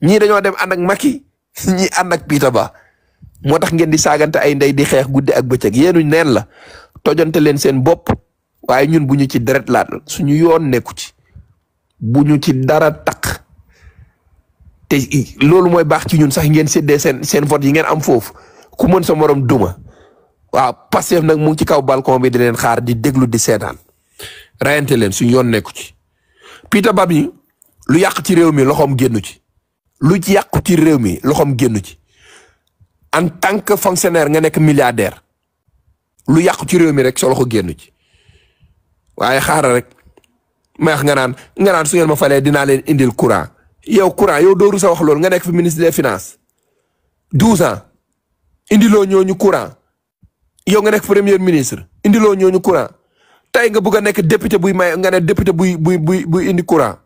ñii dañoo dem ànd ak Macky ñii ànd ak Peter Ba moo tax ngeen di saagante ay ndey di xeex guddi ak bëccëg yéenuñ neen la tojante leen seen bopp waaye ñun buñu ci deret laat suñu yoon nekku ci buñu ci dara taq te loolu mooy baax ci ñun sax ngeen séddee seen seen vote yi ngeen am foofu. ku mën sa morom duma waaw Pastef nag mu ngi ci kaw balcon bi di leen xaar di déglu di seetaan rayante leen suñ yoon nekku ci Peter Bab yi lu yàq ci réew mi loxoom génnu ci lu ci yàqu ci réew mi loxoom génnu ci en tant que fonctionnaire nga nekk milliardaire lu yàqu ci réew mi rek sa loxo génnu ci waaye xaaral rek ma nga naan nga naan su ngeen ma falee dinaa leen indil courant yow courant yow dooru sa wax loolu nga nekk fi ministre des finance douze ans indiloo ñooñu courant yow nga nekk premier ministre indiloo ñooñu courant tey nga bëgg nekk député buy may nga ne député buy buy buy buy indi courant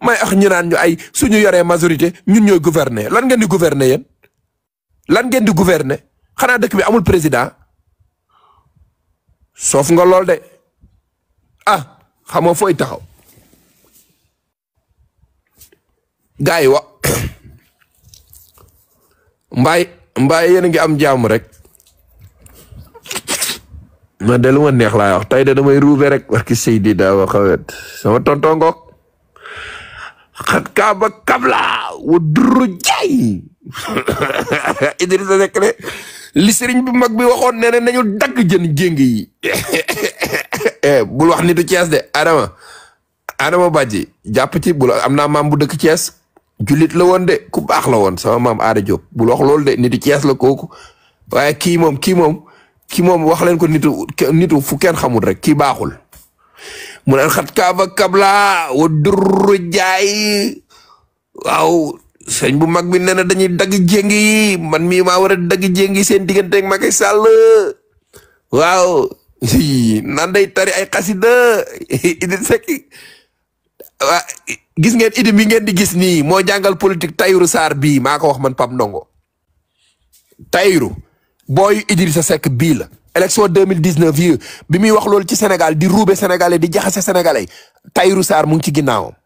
may ax ñu naan ñu ay suñu yoree majorité ñun ñooy gouverner lan ngeen di gouverner yéen lan ngeen di gouverner xanaa dëkk bi amul président soof nga lool de ah xamoo fooy taxaw gars yi wa mbaay mbaa yéen ngi am jamm rek ma de lu ma neex la wax tay de damay rouver rek wax ki Seydina Mohamed sama tonton khat ka ba kabla wu duru jay Idrissa nek ne li serigne bi mag bi waxon nee ne nañu dag jën jeng yi eh, bul wax nitu ties de Adama Adama Badji japp ci bul amna mam bu dekk ties julit la won de ku bax la won sama mam ada job. bu wax lol de nit Cees la koku waye ki mom ki mom ki mom wax len ko nitu nitu fu ken xamul rek kii baaxul mu naan xat kaaba kabla wa dur jay waw señ bu mag bi neena dañuy dag jengi man mi ma wara dag jengi sen digante ak makay Sall nan day tari ay qasida idin Seck Ah, gis ngeen idée bi ngeen di gis nii moo jàngal politique Tahirou Sarr bii maa ko wax man Pape Ndongo Tahirou booyu Idrissa Seck bii la élection 2019 yi bi muy wax loolu ci Sénégal di ruube sénégalais di jaxase sénégalais Tahirou Sarr mu ngi ci ginnaawam